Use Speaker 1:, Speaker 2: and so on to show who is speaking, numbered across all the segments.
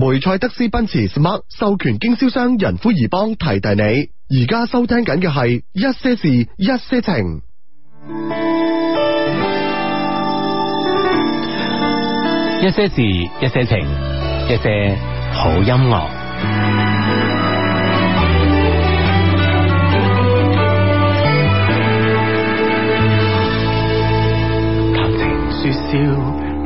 Speaker 1: 梅賽德斯奔馳 Smart 授權經銷商仁孚宜邦提提你，而家收聽緊嘅係一些事一些情，
Speaker 2: 一些
Speaker 1: 事一些情，一些好音樂，
Speaker 3: 談情說笑。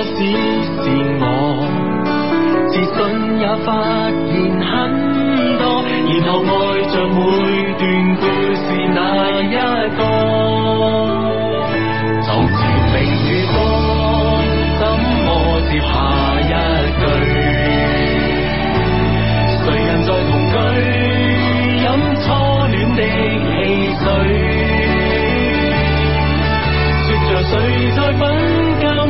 Speaker 3: 只是我，自信也發現很多，然後愛着每段故事哪一個就似明月光，怎麼接下一句？誰人在同居，飲初戀的汽水，說着誰在。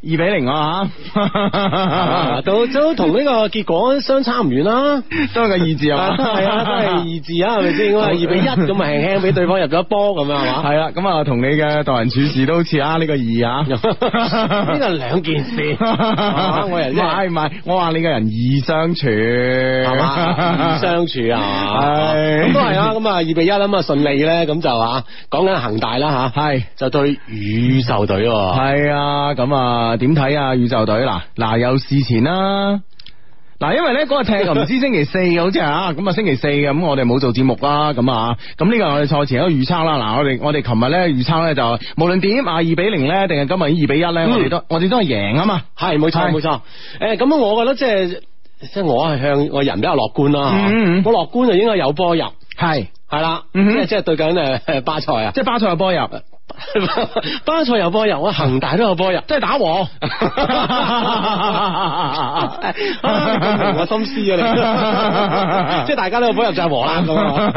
Speaker 1: 二比零啊，吓、啊，都都同呢個結果相差唔遠啦。都係個二字啊，係啊，都係二字啊，係咪先？咁啊，二 比一咁啊，輕輕俾對方入咗波咁樣係嘛？係啦，咁啊，同你嘅待人處事都好似、這個、啊，呢個二啊，呢個兩件
Speaker 2: 事。 啊、我人、就是，
Speaker 1: 唔係我話你嘅人易相處，易 相處啊，係咁都係啊，咁啊，二比一啊，順利咧，咁就啊，講緊恒大啦吓，係就對宇宙隊，係啊，咁啊。啊，點睇啊？宇宙隊嗱嗱有事前啦，嗱，因為咧嗰日踢就唔知星期四嘅，好似係啊，咁啊星期四嘅，咁我哋冇做節目啦，咁啊，咁呢個係我哋賽前嗰個預測啦，嗱，我哋、啊、我哋琴日咧預測咧就無論點啊二比零咧，定係今日二比一咧，我哋、嗯、都我哋都係贏啊嘛係，係冇錯冇錯，誒，咁我覺得即係即係我係向我人比較樂觀啦，好、嗯、樂、嗯、觀就應該有波入，係係啦，即係即係對緊誒巴塞啊，即係巴塞有波入。 巴塞又波入，恆大都有波入，即、嗯、係打和。我
Speaker 2: 啊、心思啊！你 即係
Speaker 1: 大家都有波入就和啦，咁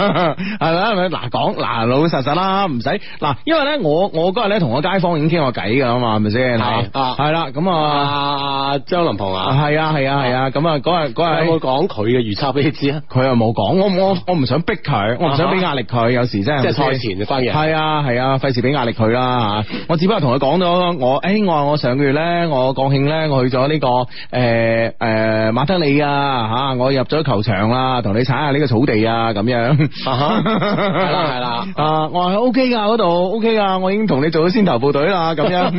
Speaker 1: 係咪？嗱，講嗱，老老實實啦，唔使嗱，因為咧，我我嗰日咧同個街坊已經傾過偈噶啦嘛，係咪先？係係啦，咁啊，張林鵬啊，係啊，係啊，係啊，咁啊，嗰日嗰日有冇講佢嘅預測俾你知有有啊？佢又冇講，我我我唔想逼佢，我唔想俾壓力佢，有時真係即係賽前係啊係啊，費事俾壓力。佢啦吓，我只不過同佢講咗我，誒、欸，我我上個月咧，我國慶咧，我去咗呢、這個誒誒、欸呃、馬德里啊吓、啊，我入咗球場啦、啊，同你踩下呢個草地啊咁樣，係啦係啦，啊，我話 O K 噶嗰度 O K 噶，我已經同你做咗先頭部隊啦咁樣，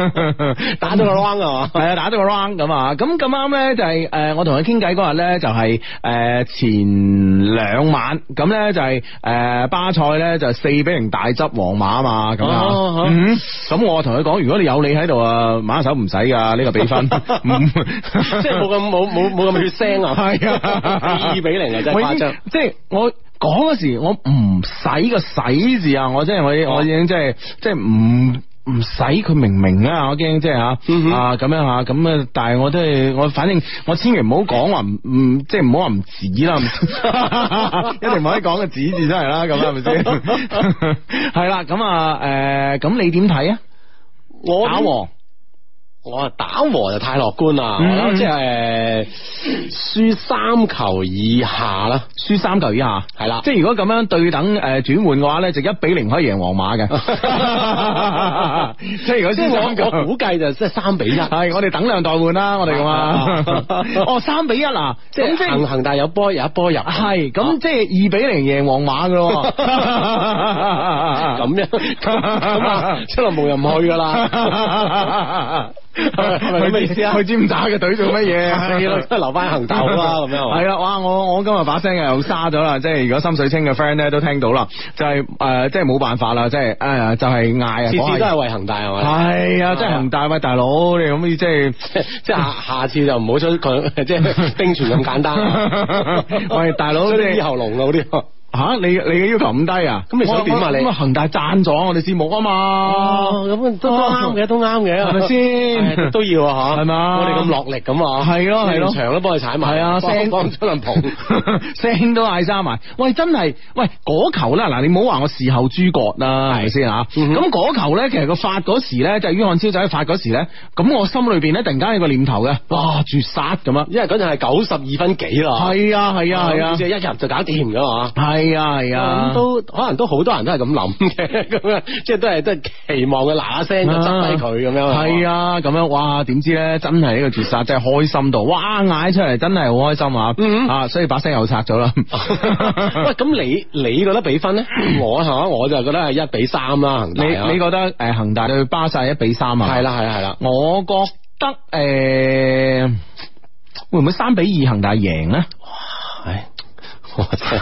Speaker 2: 打咗個
Speaker 1: round 啊，係 啊，打咗個 round 咁啊，咁咁啱咧就係、是、誒，我同佢傾偈嗰日咧就係、是、誒前兩晚，咁咧就係、是、誒、呃、巴塞咧就四比零大執皇馬啊嘛。咁，咁、啊啊嗯、我同佢講，如果你有你喺度啊，馬一手唔使噶，呢、這個比分， 嗯、 即係冇咁冇冇冇咁血腥啊，二、啊、 比零啊，真係誇張。即係我講嗰時，我唔使個使字啊，我真係我我已經即係即係唔。嗯唔使佢明明啊，我驚即係吓啊咁樣吓咁啊，但係我都係我反正我千祈唔好講話唔即係唔好話唔止啦，止 一定唔可以講個止字出嚟啦，咁係咪先？係啦，咁啊誒，咁你點睇啊？我阿黃。我打和就太樂觀啦、嗯，即係輸三球以下啦，輸三球以下係啦，即係如果咁樣對等誒轉換嘅話咧，就一比零可以贏皇馬嘅。
Speaker 2: 啊、 即係如果先
Speaker 1: 我我估計就即係三比一。係我哋等量代換啦，我哋咁啊。哦，三比一啦、啊、即係，恒恒大有波入一波入。係、啊、咁即係二比零贏皇馬嘅。咁、啊啊啊、樣，啊樣啊樣啊、出嚟冇人去噶啦。啊啊
Speaker 2: 啊啊啊係咪意思啊？去尖打嘅隊做乜嘢？係 留翻恒大啦，咁樣
Speaker 1: 係啊！哇！ 我我今日把聲又沙咗啦，即係如果心水清嘅 friend 咧都聽到啦，就係、是、誒、呃，即係冇辦法啦，即係誒、哎，就係、是、嗌，次次都係為恒大係咪？係、哎、啊，是啊想不想即係恒大喂，大佬你可唔可以即係即係下下次就唔好出佢即係冰泉咁簡單，喂大佬啲喉嚨啊嗰啲。這個吓你，你嘅要求咁低啊？咁你想點啊？你咁恒、嗯、大讚咗我哋節目啊
Speaker 3: 嘛？咁都啱嘅，都啱嘅，係咪先？都、啊、
Speaker 1: 要吓、啊，係嘛？我哋咁落力咁啊，係咯係咯，全場都幫你踩埋，聲幫張良捧，聲都嗌沙埋。喂，真係喂嗰球咧嗱，你唔好話我事後諸葛啦，係咪先吓？咁、就、嗰、是、球咧，其實個發嗰時咧，就係、是、于漢超仔發嗰時咧，咁我心裏邊咧突然間有個念頭嘅，哇、哦、絕殺咁啊！因為嗰陣係九十二分幾啦，係啊係啊係啊，即係一入就搞掂咗嘛。
Speaker 4: 係啊係啊，都、
Speaker 1: 啊、可能都好多人都係咁諗嘅，咁樣即係都係都係期望佢嗱聲，聲就執低佢咁樣。係啊，咁樣哇，點知咧真係呢個絕殺 真係開心到，哇嗌出嚟真係好開心啊嗯嗯！啊，所以把聲又拆咗啦。喂、 啊，咁你你覺得比分呢？嗯、我吓我就覺得係一比三啦、啊啊。你你覺得誒恒大對巴薩一比三啊？係啦係啦係啦。我覺得誒、呃、會唔會三比二恒大贏呢？哇
Speaker 2: 我真，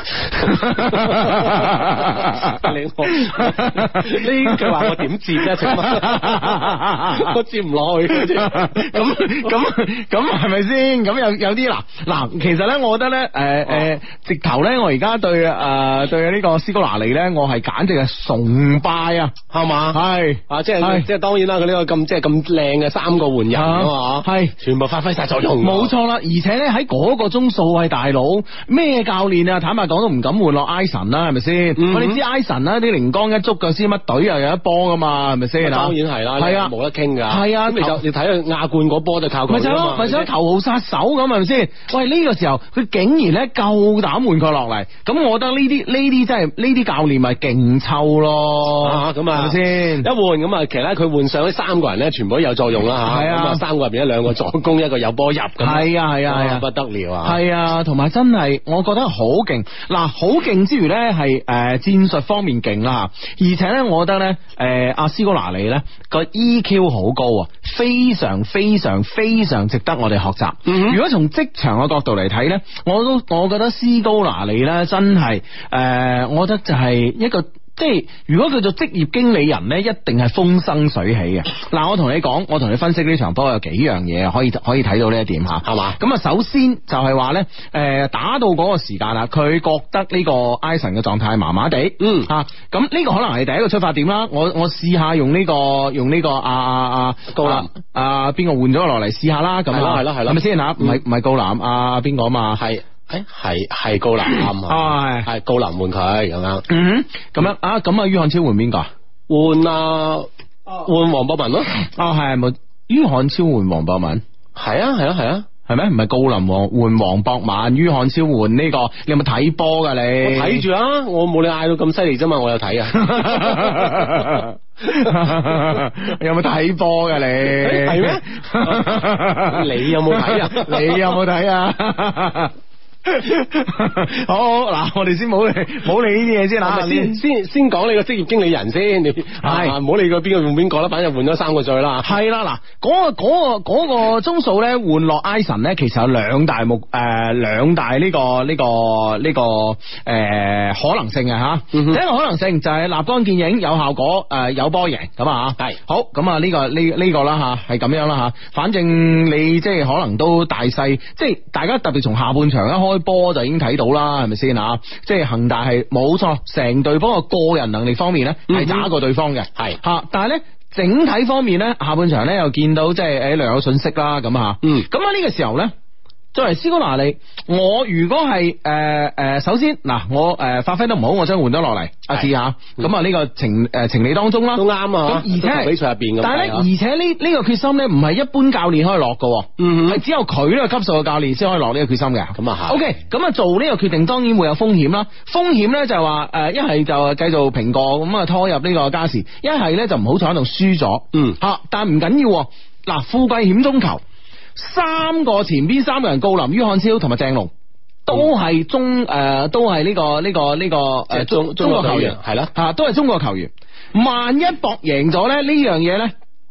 Speaker 2: 你我呢句話我點接咧？我接唔落去。咁
Speaker 1: 咁咁係咪先？咁有有啲嗱嗱，其實咧，我覺得咧，誒、呃、誒，直頭咧，我而家對誒對呢個斯哥拿尼咧，我係簡直係崇拜這這的啊，係嘛？係啊，即係即係，當然啦，佢呢個咁即係咁靚嘅三個換人啊嘛，係全部發揮晒作用，冇錯啦。而且咧喺個鐘數係大佬，咩教練？坦白講都唔敢換落埃神啦，係咪先？我哋知埃神啦，啲靈光一足嘅先乜隊又有一波噶嘛，係咪先？當然係啦，係啊，冇得傾噶。係咁你就你睇佢亞冠嗰波就靠佢，咪就咯，咪就頭號殺手咁係咪先？喂，呢個時候佢竟然咧夠膽換佢落嚟，咁我覺得呢啲呢啲真係呢啲教練咪勁臭咯，咁係咪先？一換咁啊，其實佢換上嗰三個人咧，全部都有作用啦吓。係啊，三個入邊一兩個助攻，一個有波入，係啊係啊，不得了啊！係啊，同埋真係我覺得好。好勁嗱，好勁之餘咧，係誒戰術方面勁啦，而且咧，我覺得咧，誒阿斯高拿利咧個 EQ 好高啊，非常非常非常值得我哋學習。Mm -hmm. 如果從職場嘅角度嚟睇咧，我都我覺得斯高拿利咧真係誒，我覺得就係一個。即係如果佢做職業經理人呢，一定係風生水起嘅。嗱， 我同你講，我同你分析呢場波有幾樣嘢可以可以睇到呢一點吓。係嘛。咁啊，首先就係話呢，誒打到嗰個時間啦，佢覺得呢個埃神嘅狀態麻麻地。嗯。吓咁呢個可能係第一個出發點啦。我我試下用呢、呢個用呢、呢個啊，啊啊高林啊，邊個換咗落嚟試下啦。咁係啦係啦咪先吓？唔係唔係高林、嗯、啊，邊個啊嘛係。誒，係係高林啱啊，係係高林換佢咁樣，咁樣、嗯、啊，咁啊，于漢超換邊個啊？換啊，換黃博文咯，啊係，于漢超換黃博文，係啊係啊係啊，係咩、啊？唔係、啊啊、高林王換黃博文，于漢超換呢、這個，你有冇睇波噶你？睇住啊，我冇你嗌到咁犀利啫嘛，我有睇啊， 有冇睇波噶你？係咩？你有冇睇 啊？你有冇睇啊？
Speaker 3: 好嗱，我哋先冇理冇理呢啲嘢先啦，先
Speaker 1: 先先講你個職業經理人先，你係唔好理佢邊個換邊個啦，反正換咗三個最啦，係啦嗱，嗰個、嗰個、嗰個鐘數咧換落 i o n 咧，其實有兩大目誒，兩大呢、呢個呢、呢個呢、呢個誒、呃、可能性嘅吓，第、mm -hmm. 一個可能性就係立竿見影有效果誒，有波贏咁啊，吓，係好咁啊呢個呢呢、呢個啦吓，係咁樣啦吓，反正你即係可能都大細，即係大家特別從下半場一開始。波就已經睇到啦，係咪先啊？即係恒大係冇錯，成隊波嘅個人能力方面咧係差過對方嘅，係、嗯、吓。但係咧整體方面咧，下半場咧又見到即係誒略有遜色啦，咁吓。嗯，咁喺呢個時候咧。作為斯科拿利，我如果係誒誒，首先嗱，我誒、呃、發揮得唔好，我將換咗落嚟，啊試吓咁啊呢個情誒、呃、情理當中啦，都啱啊。咁而且比賽入邊，但係咧，而且呢呢個決心咧，唔係一般教練可以落噶，嗯，係只有佢呢個級數嘅教練先可以落呢個決心嘅。咁啊吓。O K，咁啊做呢個決定，當然會有風險啦。風險咧就係話誒，一係就繼續平過咁啊，拖入呢個加時；一係咧就唔好坐喺度輸咗。嗯，吓，但唔緊要喎。嗱，富貴險中求。三個前邊三個人高林、于漢超同埋鄭龍，都係中誒、呃，都係呢、這個呢、這個呢、這個誒中中國球員係啦，吓、啊、都係中國球員。萬一博贏咗咧，呢樣嘢咧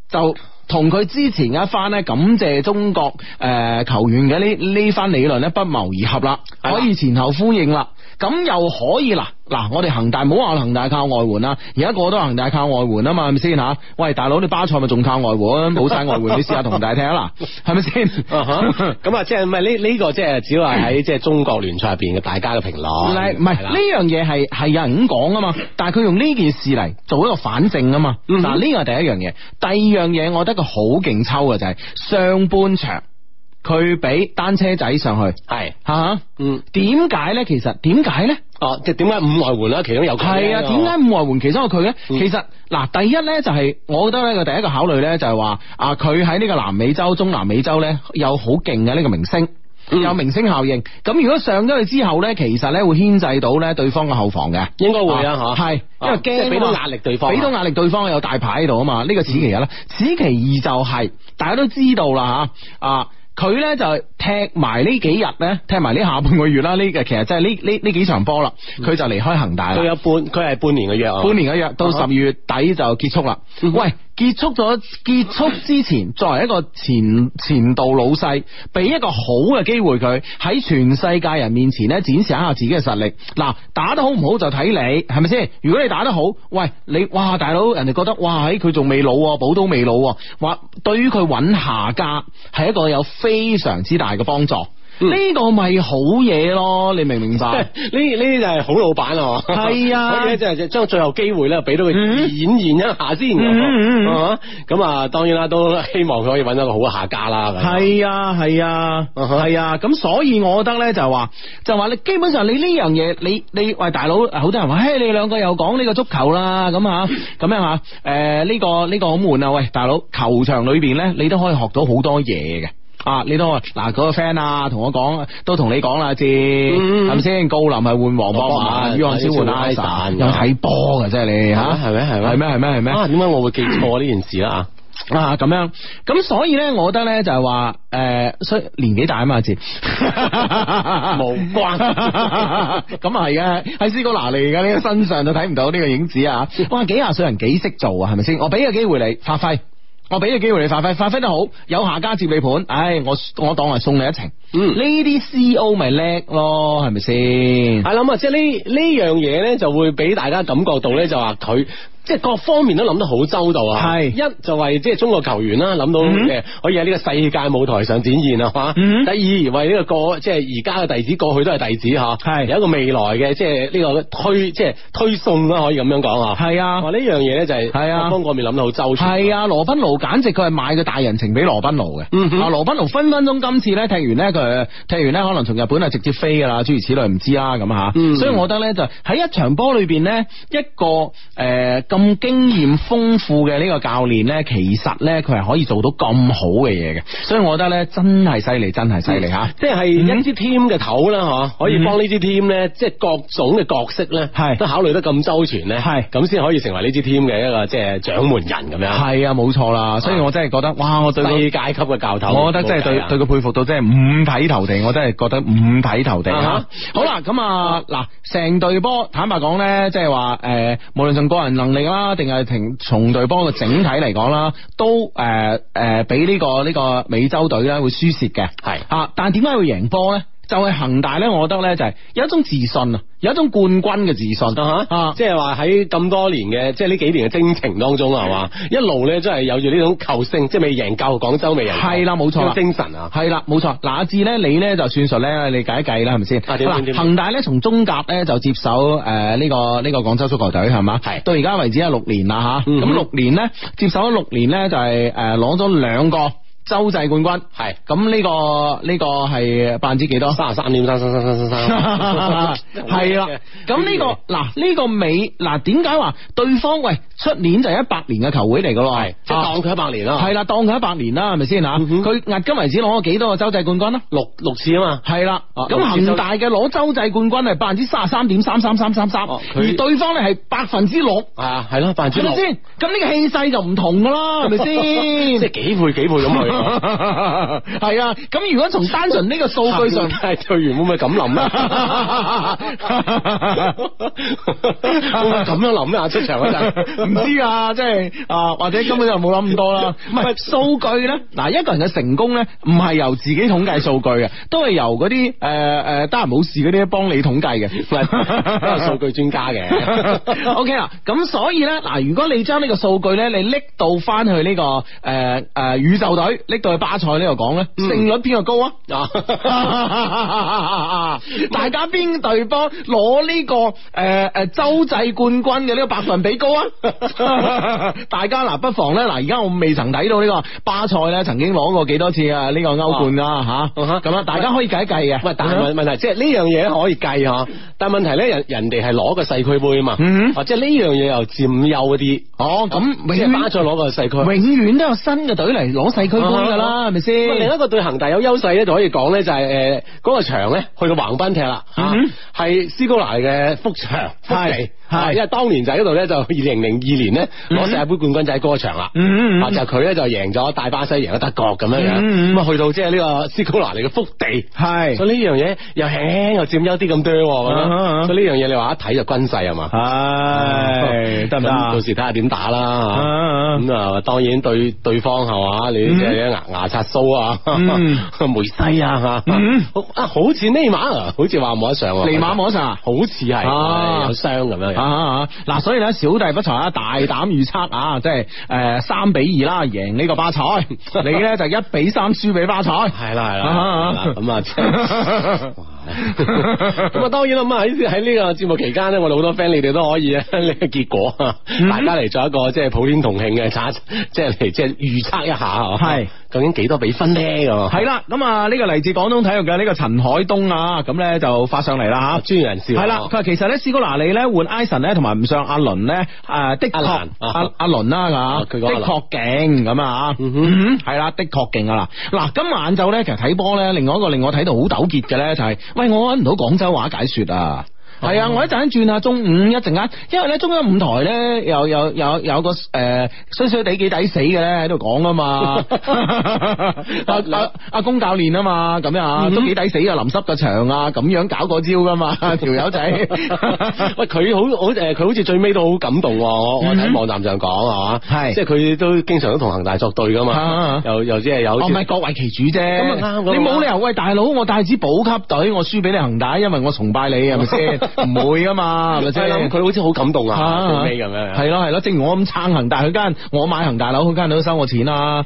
Speaker 1: 就同佢之前一番咧感謝中國誒、呃、球員嘅呢呢番理論咧不謀而合啦，可以前後呼應啦。咁又可以啦嗱，我哋恒大唔好話恒大靠外援啦，而家個個都恒大靠外援啊嘛，係咪先吓？喂，大佬你巴塞咪仲靠外援？冇 晒外援，你試下同大家聽下嗱，係咪先？咁啊，即係唔係呢呢個即係只係喺即係中國聯賽入邊嘅大家嘅評論。唔係唔係呢樣嘢係係有人咁講啊嘛，但係佢用呢件事嚟做一個反證啊嘛。嗱、嗯，呢個係第一樣嘢，第二樣嘢我覺得佢好勁抽嘅就係、是、上半場。佢俾單車仔上去，係吓，嗯、啊，點解呢？其實點解呢？哦、啊，即點解五外援啦，其中有佢係啊？點解五外援？其中有佢呢、嗯？其實嗱、啊，第一呢，就係、是，我覺得呢個第一個考慮呢、就是，就係話啊，佢喺呢個南美洲、中南美洲呢，有好勁嘅呢個明星、嗯，有明星效應。咁如果上咗去之後呢，其實呢會牽制到呢對方嘅後防嘅，應該會啊，吓、啊，係、啊、因為驚俾到壓力對方，俾到壓力對方有大牌喺度啊嘛。呢、這個此其一啦、嗯，此其二就係、是、大家都知道啦吓啊。佢咧就踢埋呢幾日咧，踢埋呢下半個月啦。呢個其實，即係呢呢呢幾場波啦，佢就離開恒大啦。佢有半，佢係半年嘅約，半年嘅約到十二月底就結束啦、嗯。喂。結束咗結束之前，作為一個前前度老細，俾一個好嘅機會佢喺全世界人面前咧展示一下自己嘅實力。嗱，打得好唔好就睇你，係咪先？如果你打得好，喂你，哇，大佬，人哋覺得哇，佢仲未老，寶刀未老。話對於佢搵下家係一個有非常之大嘅幫助。呢、嗯、個咪好嘢咯，你明唔明白？呢呢啲就係好老闆，係啊呵呵，所以咧就係將最後機會咧俾到佢演現一下、嗯、先，咁、嗯、啊、嗯嗯嗯嗯，當然啦，都希望佢可以揾到一個好嘅下家啦。係啊，係啊，係啊，咁、嗯嗯啊、所以我覺得咧就話，就話你基本上你呢樣嘢，你你喂大佬，好多人話，誒、hey,，你兩個又講呢個足球啦，咁、嗯、吓，咁樣吓，誒、嗯、呢、嗯嗯嗯嗯嗯嗯這個呢、這個好悶啊，喂大佬，球場裏邊咧你都可以學到好多嘢嘅。啊！你都嗱嗰個 friend 啊，同我講，都同你講啦，阿、嗯、志，係咪先？郜林係換黃博嘛？于漢超換阿 san，有睇波噶啫，你吓係咪？係咩、啊？係咩、啊？係、啊、咩？點、啊、解、啊、我會記錯呢件事啦、啊？啊咁樣，咁所以咧，我覺得咧就係話，誒、呃，所以年紀大啊嘛，阿志，
Speaker 2: 無
Speaker 1: 沒關。咁啊係嘅，喺斯哥拿嚟嘅呢個身上都睇唔到呢個影子啊！哇，幾廿歲人幾識做啊？係咪先？我俾個機會你發揮。我俾個機會你發揮，發揮得好，有下家接你盤，唉，我我，我當係送你一程。嗯，呢啲 C O 咪叻咯，係咪先？係諗啊，即係呢呢樣嘢咧，就，是、就會俾大家感覺到咧、嗯，就話佢。即係各方面都諗得好周到啊！係一就為即係中國球員啦，諗到嘅可以喺呢個世界舞台上展現啊，吓、嗯！第二為呢、就是這個過即係而家嘅弟子，過去都係弟子啊。係有一個未來嘅即係呢個推即係、就是、推送啦，可以咁樣講啊！係、就是、啊，呢樣嘢咧就係各方面諗得好周全。係啊，羅賓奴簡直佢係買個大人情俾羅賓奴嘅。啊、嗯，羅賓奴分分鐘今次咧踢完咧佢踢完咧，可能從日本啊直接飛噶啦，諸如此類唔知啊咁吓。所以我覺得咧就喺一場波裏邊呢，一個誒。呃咁經驗豐富嘅呢個教練呢，其實呢，佢係可以做到咁好嘅嘢嘅，所以我覺得呢，真係犀利，真係犀利吓，即係一支 team 嘅頭啦，嗬、嗯，可以幫呢支 team 呢，即係各種嘅角色呢，係都考慮得咁周全呢，係咁先可以成為呢支 team 嘅一個即係掌門人咁樣，係啊，冇錯啦，所以我真係覺得，哇，我對呢階級嘅教頭，我覺得真係對、啊、對佢佩服到真係五體投地，我真係覺得五體投地吓、啊啊。好啦，咁啊嗱，成隊波坦白講呢，即係話誒，無論從個人能力。啦，定係停，從隊幫個整體嚟講啦，都誒誒，俾呢個呢個美洲隊咧會輸蝕嘅，係啊，但係點解會贏波咧？就係、是、恒大咧，我覺得咧就係有一種自信啊，有一種冠軍嘅自信啊，即係話喺咁多年嘅即係呢幾年嘅征程當中係嘛、uh -huh.，一路咧真係有住呢種球星，即係未贏夠廣州未贏，係啦冇錯，錯精神啊，係啦冇錯。嗱、啊，至呢，你咧就算數咧，你計一計啦，係咪先？恒、uh -huh. 大咧從中甲咧就接手誒呢、呃這個呢、這個廣州足球隊係嘛，係到而家為止係六年啦吓，咁、uh -huh. 六年呢，接手咗六年呢、就是，就係誒攞咗兩個。洲際冠軍係咁呢個呢、這個係百分之幾多？三十三點三三三三三三。係啦、啊，咁呢、這個嗱呢、啊這個尾嗱，點解話對方喂出年就係一百年嘅球會嚟噶咯？係即當佢一百年啦，係啦，當佢一百年啦，係咪先吓？佢、嗯、今為止攞咗幾多個洲際冠軍咧？六六次啊嘛。係啦、啊，咁、啊、恒大嘅攞洲際冠軍係百分之三十三點三三三三三，而對方咧係百分之六啊，
Speaker 2: 係咯、啊、百分之六先。
Speaker 1: 咁呢、啊、個氣勢就唔同噶啦，係咪先？ 即係幾倍幾倍咁去。係 啊，咁
Speaker 2: 如果從單純呢個數據上，
Speaker 1: 隊 員會唔會咁諗咧？
Speaker 2: 咁
Speaker 3: 會會樣諗咩 出場 陣？真係唔知啊！即係啊，或者根本就冇諗咁多啦。唔係
Speaker 1: 數據咧，嗱，一個人嘅成功咧，唔係由自己統計數據嘅， 都係由嗰啲誒誒得閒冇事嗰啲幫你統計嘅，係數 據專家嘅。 OK 啦，咁所以咧，嗱，如果你將呢個數據咧，你拎到翻去呢、這個誒誒、呃呃、宇宙隊。呢隊巴塞呢度講咧，勝率邊個高啊？大家邊隊波攞呢個誒誒洲際冠軍嘅呢個百分比高啊？大家嗱，不妨咧嗱，而家我未曾睇到呢個巴塞咧，曾經攞過幾多次啊？呢個歐冠啦吓，咁啊，大家可以計一計嘅。喂，但係問題即係呢樣嘢可以計嗬，但係問題咧，人人哋係攞個世區杯啊嘛。嗯，即係呢樣嘢又佔優一啲。哦，咁巴塞攞個世區，永遠都有新嘅隊嚟攞世區杯。噶啦，係咪先？另一個對恒大有優勢咧，就可以講咧、就係，就係誒嗰個場咧，去到橫濱踢啦，吓、啊，係斯高拿嘅福場，係。係，因為當年就喺度咧，就二零零二年呢，攞世界杯冠軍就喺嗰場啦、嗯。就佢咧就贏咗大巴西，贏咗德國咁樣、嗯、樣。咁、嗯、啊，去到即係呢個斯高拿利嘅福地。係，所以呢樣嘢又輕又佔優啲咁多。咁啊，啊，所以呢樣嘢你話一睇就軍勢係嘛？係、啊，得唔得？啊、行行到時睇下點打啦。咁啊，啊，當然對對方係嘛、啊？你啲嘢牙牙刷蘇啊，梅、啊、西、哎、啊，啊，好似尼馬，好似話冇得上。尼馬冇得上，啊、好似係、啊、有傷咁樣。 啊嗱，所以咧，小弟不才，大膽預測啊，即係誒三比二啦，贏呢個巴塞，你咧就一比三輸俾巴塞，係啦係啦，咁 啊。啊啊 咁啊，當然啦咁喺喺呢個節目期間咧，我哋好多 friend，你哋都可以啊。個結結果，大家嚟做一個即係普天同慶嘅，查即係即係預測一下，係究竟幾多比分呢咁。係啦，咁啊呢個嚟自廣東體育嘅呢個陳海東啊，咁咧就發上嚟啦吓，專業人士係啦。佢其實咧，士哥嗱你咧換埃 n 咧，同埋唔上阿倫咧，誒、啊啊啊啊啊啊啊、的確、啊啊啊、阿阿倫啦吓，佢的確勁咁啊吓，係啦、嗯、的確勁噶啦。嗱今晚晏晝咧，其實睇波咧，另外一個令我睇到好糾結嘅咧就係、是。喂，我揾唔到廣州話解說啊！係啊，我一陣間轉下中午，一陣間，因為咧中央五台咧又有有有，有個誒衰衰哋幾抵死嘅咧喺度講啊嘛，阿 阿、啊啊、阿公教練啊嘛，咁樣啊都幾抵死啊淋濕個場這啊，咁樣搞個招噶嘛，條友仔，喂佢好好誒，佢好似最尾都好感動，我我喺網站上講係嘛，係、嗯啊，即係佢都經常都同恒大作對噶嘛，嗯、又又即係有，唔係各為其主啫，啊，你冇理由喂大佬，我帶支保級隊，我輸俾你恒大，因為我崇拜你係咪先？嗯唔會啊嘛，即係係佢好似好感動啊，尾咁樣係咯係咯，正如我咁撐恒大，佢間我買恒大樓，佢間都收我錢啊，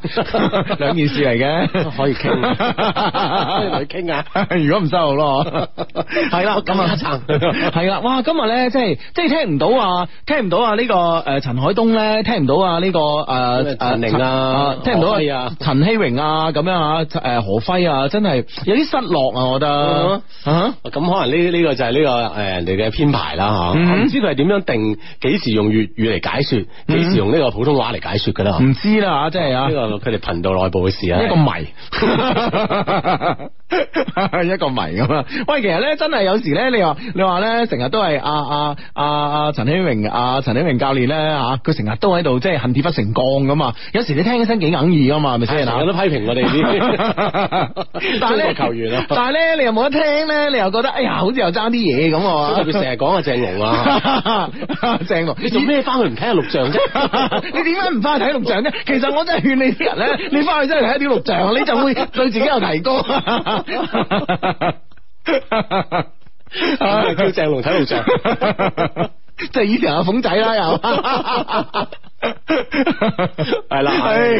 Speaker 1: 兩 件事嚟嘅， 可以傾聊，可以同佢傾啊。如果唔收我咯，係 啦，咁啊，撐，係啦，哇，今日咧即係即係聽唔到啊，聽唔到啊呢個誒陳海東咧，聽唔到啊呢個誒阿寧啊，聽唔到啊陳希榮啊咁樣啊，誒何輝啊，真係有啲失落啊，我覺得咁可能呢呢個就係呢、這個誒。哎人哋嘅編排啦，吓、嗯，我唔知佢係點樣定，幾時用粵語嚟解說，幾時用呢個普通話嚟解說噶啦，唔、嗯、知啦，即係呢個佢哋頻道內部嘅事啊，一個謎， 一個謎咁啊！喂，其實咧，真係有時咧，你話你話咧，成日都係阿啊阿阿陳希榮、阿陳希榮教練咧，吓、啊，佢成日都喺度，即係恨鐵不成鋼咁啊！有時你聽起身幾硬意啊嘛，係咪先啊？成日都批評我哋啲，
Speaker 2: 但係呢個球員啊， 但係
Speaker 1: 咧，但係咧，你又冇得聽咧，你又覺得哎呀，好似又爭啲嘢咁。佢成日講阿鄭龍啊，鄭龍，你做咩翻去唔睇下錄像啫？ 你點解唔翻去睇錄像啫？其實我真係勸你啲人
Speaker 3: 咧，你翻去真係睇啲
Speaker 2: 錄像，你就會對自己有提高、 啊。叫鄭龍睇錄像，即係以前阿鳳仔啦，又。 係 啦，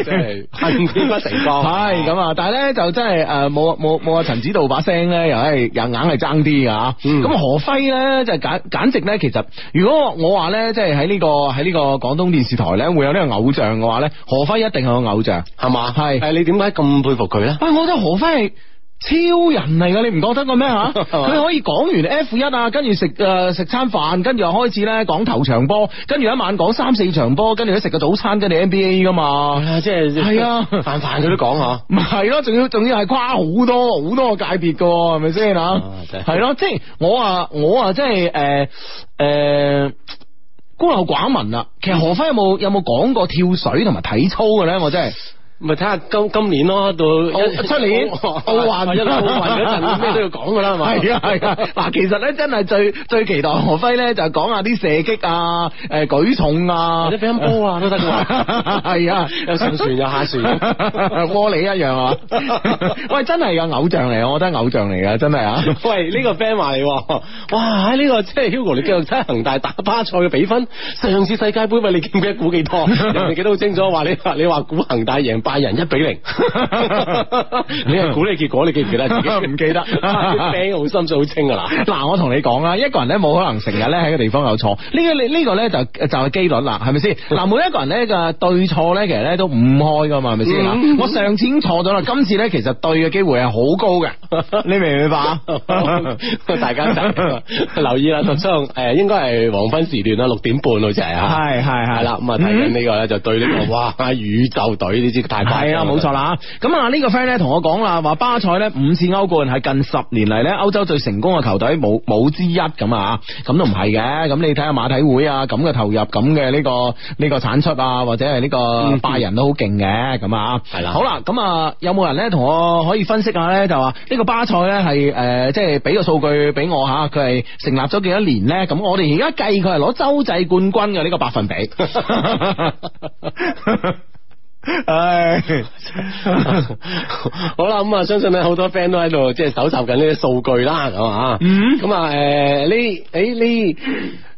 Speaker 2: 真
Speaker 1: 係呢個情況，係咁啊！但係咧，就真係誒，冇冇冇阿陳子道把聲咧，又係又硬係爭啲噶。咁何輝咧，就簡簡直咧，其實如果我話咧，即係喺呢個喺呢個廣東電視台咧，會有呢個偶像嘅話咧，何輝一定係個偶像，係嘛？係，你點解咁佩服佢咧？我覺得何輝。超人嚟噶，你唔覺得個咩吓？佢 可以講完 F1 啊，跟住食誒食餐飯，跟住又開始咧講頭場波，跟住一晚講三四場波，跟住去食個早餐，跟住 NBA 噶嘛，即係係啊，泛泛佢都講、 就是、啊，唔係咯？仲要仲要係跨好多好多個界別噶，係咪先啦？係咯，即係我啊，就是、我啊，即係誒誒孤陋寡聞啊。其實何輝有冇有冇講過跳水同埋體操嘅咧？我真係。就是咪睇下今今年咯，到出年奧運，運運一奧運嗰陣咩都要講噶啦，係咪？係啊係啊，嗱、啊啊、其實咧真係最 最期待何輝呢，何輝咧就係、是、講下啲射擊啊，誒、呃、舉重啊，或者乒乓波啊都得噶，係 以 啊，有上船有下船，玻 璃一樣啊，我 係真係有偶像嚟，我覺得偶像嚟噶，真係啊！喂，呢 個 friend 話你，哇！呢、這個即係 Hugo，你繼續睇恒大打巴塞嘅比分。上次世界杯咪你記唔記得估幾多？你記,記得好 清楚，話你話你話估恒大贏一人一比零， 你係估你結果，你記唔記得？自己唔記得，聽好心水好清噶啦。嗱，我同你講啦，一個人咧冇可能成日咧喺個地方有錯。呢、這個呢呢、這個咧就就係機率啦，係咪先？嗱， 每一個人咧嘅對錯咧，其實咧都唔開噶嘛，係咪先？我上次已經錯咗啦，今次咧其實對嘅機會係好高嘅，你明唔明
Speaker 2: 白 大家就
Speaker 1: 留意啦，陸聰誒，應該係黃昏時段啦，六點半好似係，係係係啦。咁啊睇緊呢個咧就對呢、這個哇宇宙隊，你知係啦，冇錯啦，咁啊呢個 friend 咧同我講啦，話巴塞呢五次歐冠係近十年嚟，呢歐洲最成功嘅球隊冇冇之一咁啊，咁都唔係嘅，咁你睇下馬體會啊咁嘅投入，咁嘅呢個呢個產出啊，或者係呢個拜仁都好勁嘅，咁啊係啦，好啦，咁啊有冇人呢同我可以分析下呢？就話呢個巴塞呢係誒，即係俾個數據俾我吓，佢係成立咗幾多年呢？咁我哋而家計佢係攞洲際冠軍嘅呢個百分比。
Speaker 2: 唉
Speaker 1: 好啦，咁啊，相信咧，好多 friend 都喺度即係搜集緊呢啲數據啦，咁啊，嗯，咁誒，呢。誒，你。哎呢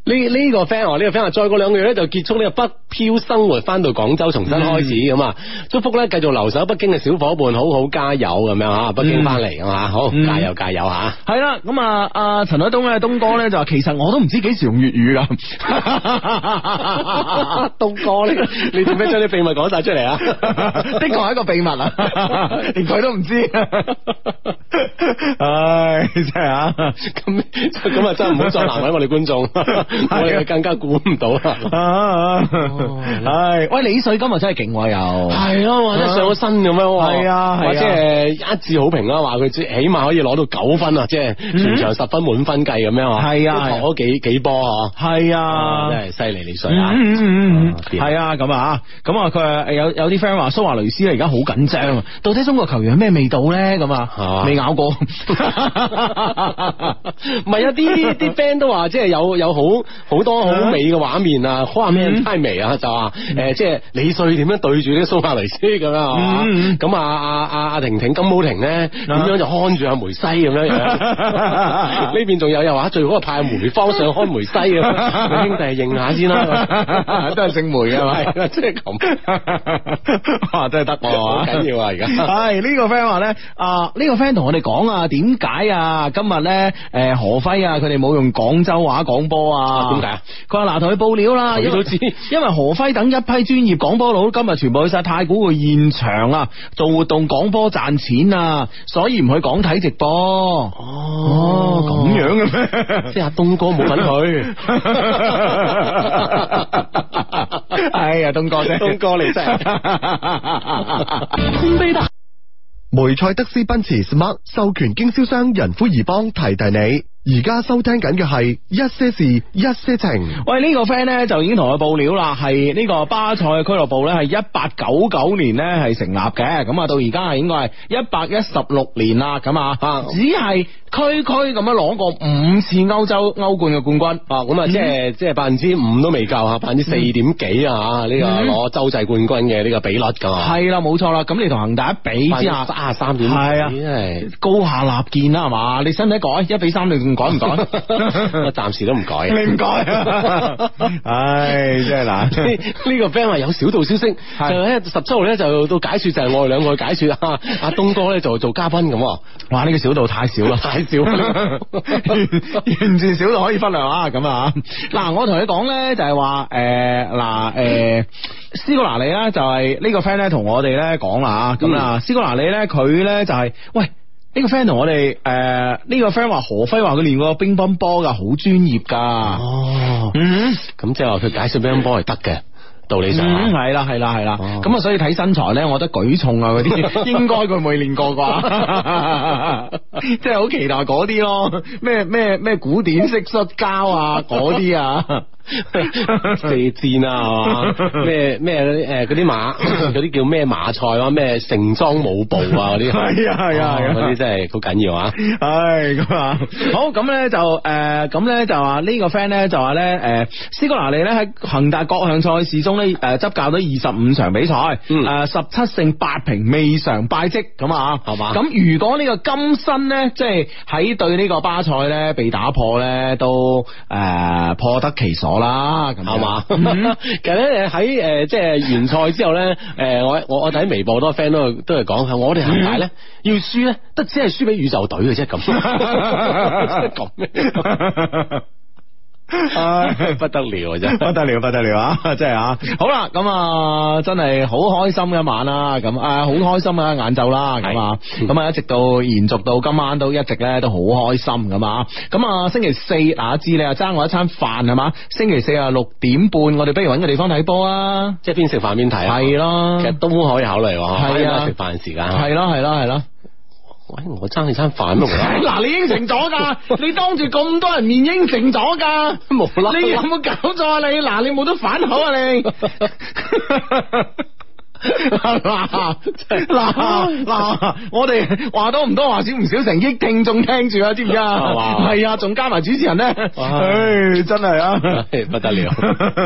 Speaker 1: 呢呢個 friend，呢、這個 friend 話再過兩個月咧就結束呢個北漂生活，翻到廣州重新開始咁啊、嗯！祝福咧，繼續留守北京嘅小伙伴，好好加油咁樣啊！北京翻嚟啊，好、嗯、加油加油吓！係啦，咁啊啊陳海東咧，東哥咧就話，其實我都唔知幾時用粵語噶。 東哥你你做咩將啲秘密講晒出嚟啊？ 的確係一
Speaker 3: 個秘密、 哎、啊，連佢都唔知。
Speaker 1: 唉，真係啊！咁咁啊，真係唔好再難為我哋觀眾。我哋更加估唔到啦、啊！唉、哎，喂，李水今日真係勁喎，又係咯，即係上咗身咁樣，係啊，即係一致好評啦，話佢即起碼可以攞到九分啊，即係全場十分滿分計咁、啊嗯嗯嗯啊、樣啊，係啊，攞咗幾幾波啊，係啊，真係犀利李水啊，嗯係啊，咁啊，咁啊，佢有有啲 friend 話蘇華雷斯咧，而家好緊張，到底中國球員係咩味道咧？咁啊，未咬過，
Speaker 2: 唔、啊、係、 啊、有啲啲
Speaker 1: friend 都話即係有有好。好多好美嘅畫面啊，可能咩太美啊，就話誒、嗯呃，即係李瑞點樣對住啲蘇格雷斯咁、嗯、樣啊，咁阿阿婷婷金毛婷咧，點樣就看住阿梅西咁樣樣，呢邊仲有又話最好派梅芳上看梅西啊， 兄弟認下先啦，
Speaker 3: 都係姓梅啊嘛，即係咁，就是、 哇，真係得喎，緊、哦、要啊而家，係、 這
Speaker 1: 個、呢個 friend 話咧，呢個 friend 同我哋講啊，點、這、解、個、啊，啊，今日咧，誒、呃、何輝啊，佢哋冇用廣州話講波啊。啊，點解啊？佢話嗱，同佢報料啦，佢都知因，因為何輝等一批專業廣播佬，佬今日全部去晒太古匯現場啊，做活動廣播賺錢啊，所以唔去港睇直播。哦，咁、哦、樣嘅咩？即係東哥冇份佢。
Speaker 2: 哎呀，東哥啫，東哥你真係
Speaker 3: 梅賽德斯奔馳 Smart 授權經銷商，商仁孚怡邦，
Speaker 1: 提提你。而家收聽緊嘅係一些事一些情。喂，呢個 friend 咧，就已經同佢報料啦，係呢個巴塞嘅俱樂部咧，係一八九九年咧，係成立嘅，咁啊到而家係應該係一百一十六年啦，咁啊只係區區咁樣攞過五次歐洲歐冠嘅冠軍啊，咁啊即係即係百分之五都未夠啊，百分之四點幾啊，呢個攞洲際冠軍嘅呢個比率噶嘛？係啦，冇錯啦，咁你同恒大一比之下三十三點幾，係高下立見啦係嘛？你想唔想改一比三零？改唔改？我暫時都唔改。 你唔改管、啊？唉、 哎，真係嗱，呢、這個 friend 話有小道消息，就喺十七號咧就到解說就係我哋兩個去解說，阿東哥咧就做嘉賓咁。哇，呢、這個小道太少啦， 太少，完 全小到可以忽略啊！咁啊，嗱、欸，我同你講咧，就係話誒，嗱誒，斯哥拿里咧就係呢個 friend 咧同我哋咧講啦，咁啊，斯哥拿里咧佢咧就係、嗯就是、喂。呢、這個 friend 同我哋誒，呢、呃這個 friend 話何輝話佢練過乒乓波噶，好專業噶。哦，咁、嗯、即係話佢解釋乒乓波係得嘅道理上。係啦係啦係啦，咁啊、嗯哦、所以睇身材咧，我覺得舉重啊嗰啲， 應該佢冇練過啩。 即係好期待嗰啲咯，咩咩咩古典式摔跤啊嗰啲啊。地 戰啊，係嘛？咩咩誒嗰啲馬，嗰啲叫咩馬賽？咩盛裝舞步啊？嗰啲係啊係啊，嗰啲真係好緊要啊！唉，咁啊好咁咧就誒咁咧就話呢個 friend 咧就話咧誒，斯哥拿利咧喺恒大各項賽事中咧誒執教咗二十五場比賽，誒十七勝八平未嘗敗績咁啊，係嘛？咁如果呢個金身咧，即係喺對呢個巴塞咧被打破咧，都誒、呃、破得其所。好啦，咁係嘛？其實咧喺誒，即係完賽之後咧，誒，我我我睇微博，好多 friend 都都係講，我哋恒大咧要輸咧，都只係輸俾宇宙隊嘅啫，咁。 唉， 不得了啊！真 不得了，不得了， 不得了啊！真係啊！好啦，咁啊，真係好開心一晚啦，咁啊，好開心啊！演奏啦，咁啊，咁啊，一直到延續到今晚都一直咧都好開心噶嘛！咁啊，星期四嗱，知你又爭我一餐飯係嘛？星期四啊六點半，我哋不如揾個地方睇波啊！即係邊食飯邊睇，係咯、啊，其實都可以考慮，翻家食飯時間，係咯、啊，係咯、啊，係咯、啊。係啊係啊喂，我爭你餐飯咯！嗱，你應承咗噶，你當住咁多人面應承咗噶，冇啦！你有冇搞錯啊？你嗱，你冇得反口啊你！ 嗱嗱嗱！我哋話多唔多，話少唔少，成億聽眾聽住 啊，知唔知啊？係嘛？係啊，仲加埋主持人咧，唉、欸，
Speaker 3: 真係啊，不得了，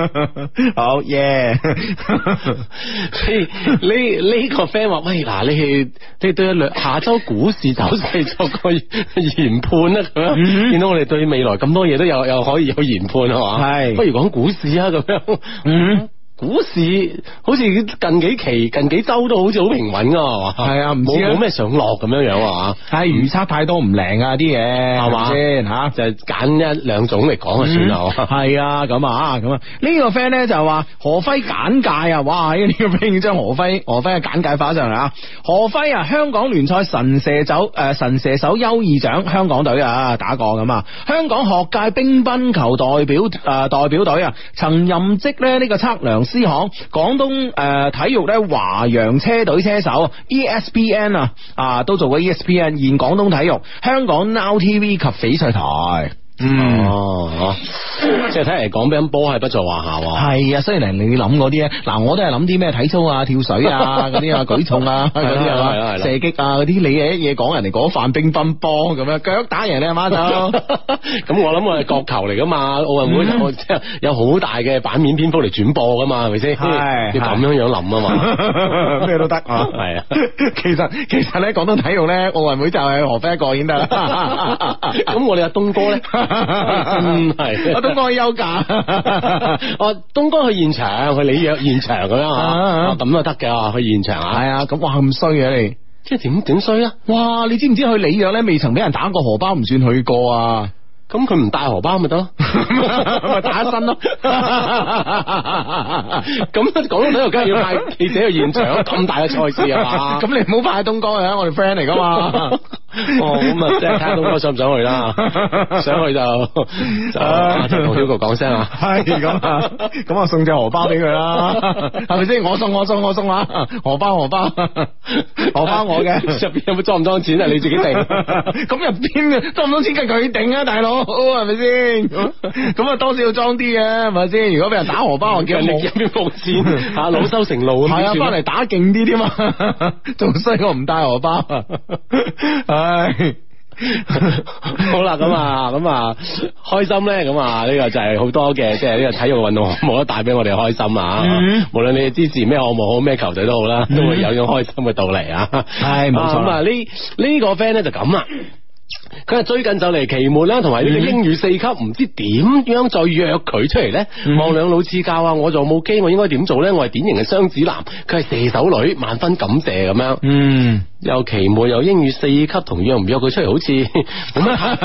Speaker 1: 好耶！所 yeah 以 你你，你個 friend 話喂，嗱，你你對下周股市走勢作個研判啦，咁 樣、嗯、見到我哋對未來咁多嘢都有，又可以去研判係嘛？係，不如講股市啊，咁樣嗯。股市好似近幾期、近幾週都好似好平穩噶，係嘛？係啊，冇冇咩上落咁樣樣、嗯啊啊，啊，嘛？係預測太多唔靈啊啲嘢，係嘛先吓？就揀一兩種嚟講就算啦，係啊，咁啊咁啊。呢、啊啊這個 friend 咧就話何輝簡介啊，哇！呢個 friend 將何輝何輝嘅簡介發上嚟啊。何輝啊，香港聯賽神射手誒，神射手優異獎，香港隊啊打過咁啊，啊。香港學界乒乓球代表誒、呃、代表隊啊，曾任職咧呢、這個測量。私行廣東誒體育咧，華洋車隊車手 ESPN 啊，啊都做過 ESPN 現廣東體育，香港 Now TV 及翡翠台。嗯哦、啊，即係睇嚟講乒乓波係不在話下喎。係啊，雖然你諗嗰啲啊，嗱，我都係諗啲咩體操啊、跳水啊嗰啲啊、舉重啊啲、 啊啊啊啊、射擊啊嗰啲。你一嘢講人哋講泛乒乓波咁樣，腳打贏你阿媽就。咁 我諗我係國球嚟噶、 啊、嘛，奧運會我即係有好大嘅版面篇幅嚟轉播噶嘛，係咪先？要咁樣樣諗啊嘛，咩都得係啊，啊 其。其實其實咧，廣東體育咧，奧運會就係何非一個先得啦。咁 我哋阿東哥咧。 真係，我東哥去休假，我東哥去現場，去里約現場咁樣 啊，咁啊得嘅、啊，去現場係、哎、啊，咁哇咁衰嘅你，即係點點衰啊？哇，你知唔知去里約咧未曾俾人打過荷包唔算去過啊？咁佢唔帶荷包咪、 啊、 得
Speaker 2: 咯，咪打一身咯？
Speaker 1: 咁到旅體梗係要派記者去現場，咁 大嘅賽事啊嘛？咁 你唔好派東哥去啊，我哋 friend 嚟噶嘛？哦，咁啊，即係睇下東哥想唔想去啦，想去就就同曉哥講聲，係咁，咁啊送隻荷包俾佢啦，係咪先？我送，我送，我送荷包，荷包，荷包我嘅，入 邊有冇裝唔裝錢啊？你自己定，咁入邊裝唔裝錢，跟佢定啊，大佬係咪先？咁 咁多，多少要裝啲啊，係咪先？如果俾人打荷包，嗯、我叫冇錢、嗯嗯、啊，惱羞成怒啊，係啊，翻嚟打勁啲添啊，仲衰我唔帶荷包啊。 唉， 好啦，咁啊，咁啊，開心咧，咁啊，呢個就係好多嘅，即係呢個體育運動冇得帶俾我哋開心啊！Mm -hmm. 無論你支持咩項目好，咩球隊都好啦，都會有種開心嘅道理啊！係冇錯，呢呢個 friend 咧就咁啊。佢係最近就嚟期末啦，同埋呢個英語四級，唔知點樣再約佢出嚟呢？嗯。望兩老賜教啊！我就冇機，我應該點做呢？我係典型嘅雙子男，佢係射手女，萬分感謝咁樣。嗯，又期末又英語四級，同約唔約佢出嚟？好似咁啊，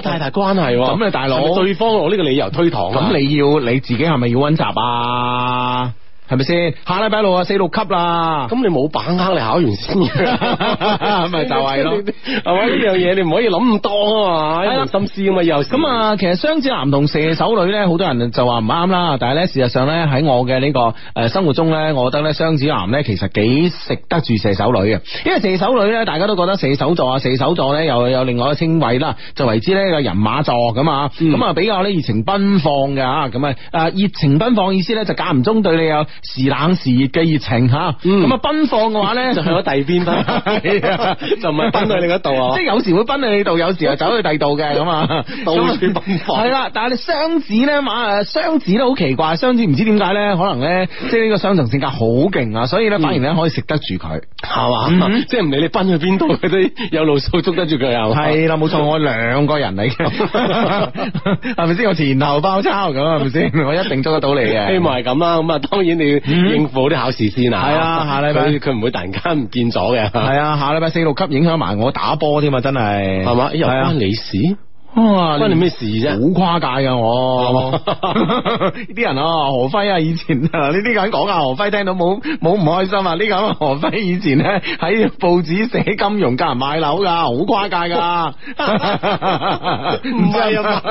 Speaker 1: 太 大大
Speaker 2: 關係？咁你大佬對
Speaker 1: 方攞呢個理由推搪，咁 你要你自己係咪要溫習啊？係咪先，下禮拜六啊，四六級啦。咁你冇把握，你考完先。咪 就係
Speaker 2: 咯這，係咪呢樣嘢，
Speaker 1: 你唔可以諗咁多啊， 心思啊嘛又。咁啊，其實雙子男同射手女咧，好多人就話唔啱啦。但係咧，事實上咧喺我嘅呢個誒生活中咧，我覺得咧雙子男咧其實幾食得住射手女啊。因為射手女咧，大家都覺得射手座啊，射手座咧又有另外一個稱謂啦，就為之呢個人馬座咁啊。咁、嗯、啊，比較咧熱情奔放嘅啊，咁啊啊熱情奔放意思咧就間唔中對你有。時冷時熱嘅熱情吓，咁、嗯、啊奔放嘅話咧就去到第二邊，就唔係奔去另一度， 是啊、 即係有時會奔去呢度，有時又走去第二度嘅
Speaker 3: 咁啊。到處奔放係啦，
Speaker 1: 但係你雙子咧，馬誒雙子都好奇怪，雙子唔知點解咧，可能咧即係呢個雙重性格好勁啊，所以咧反而咧可以食得住佢，係、嗯、嘛，即係唔理你奔去邊度，佢都有路數捉得住佢，又 嘛、啊。係啦，冇錯，我兩個人嚟嘅，係咪先？我前後包抄咁，係咪先？我一定捉得到你嘅，希望係咁啦。咁啊，當然你應付啲考試先、嗯、係啊，係下禮拜佢唔會突然間唔見咗嘅。係啊，下禮拜四六級影響埋我打波添、哎、啊，真係係嘛，又關你事，
Speaker 3: 關你咩
Speaker 1: 事啫，好跨界噶我，啲 人啊，何輝啊，以前啊，呢啲人講啊，何輝聽到冇冇唔開心啊？呢個何輝以前咧喺報紙寫金融教人買樓噶，好跨界噶，
Speaker 2: 唔係啊，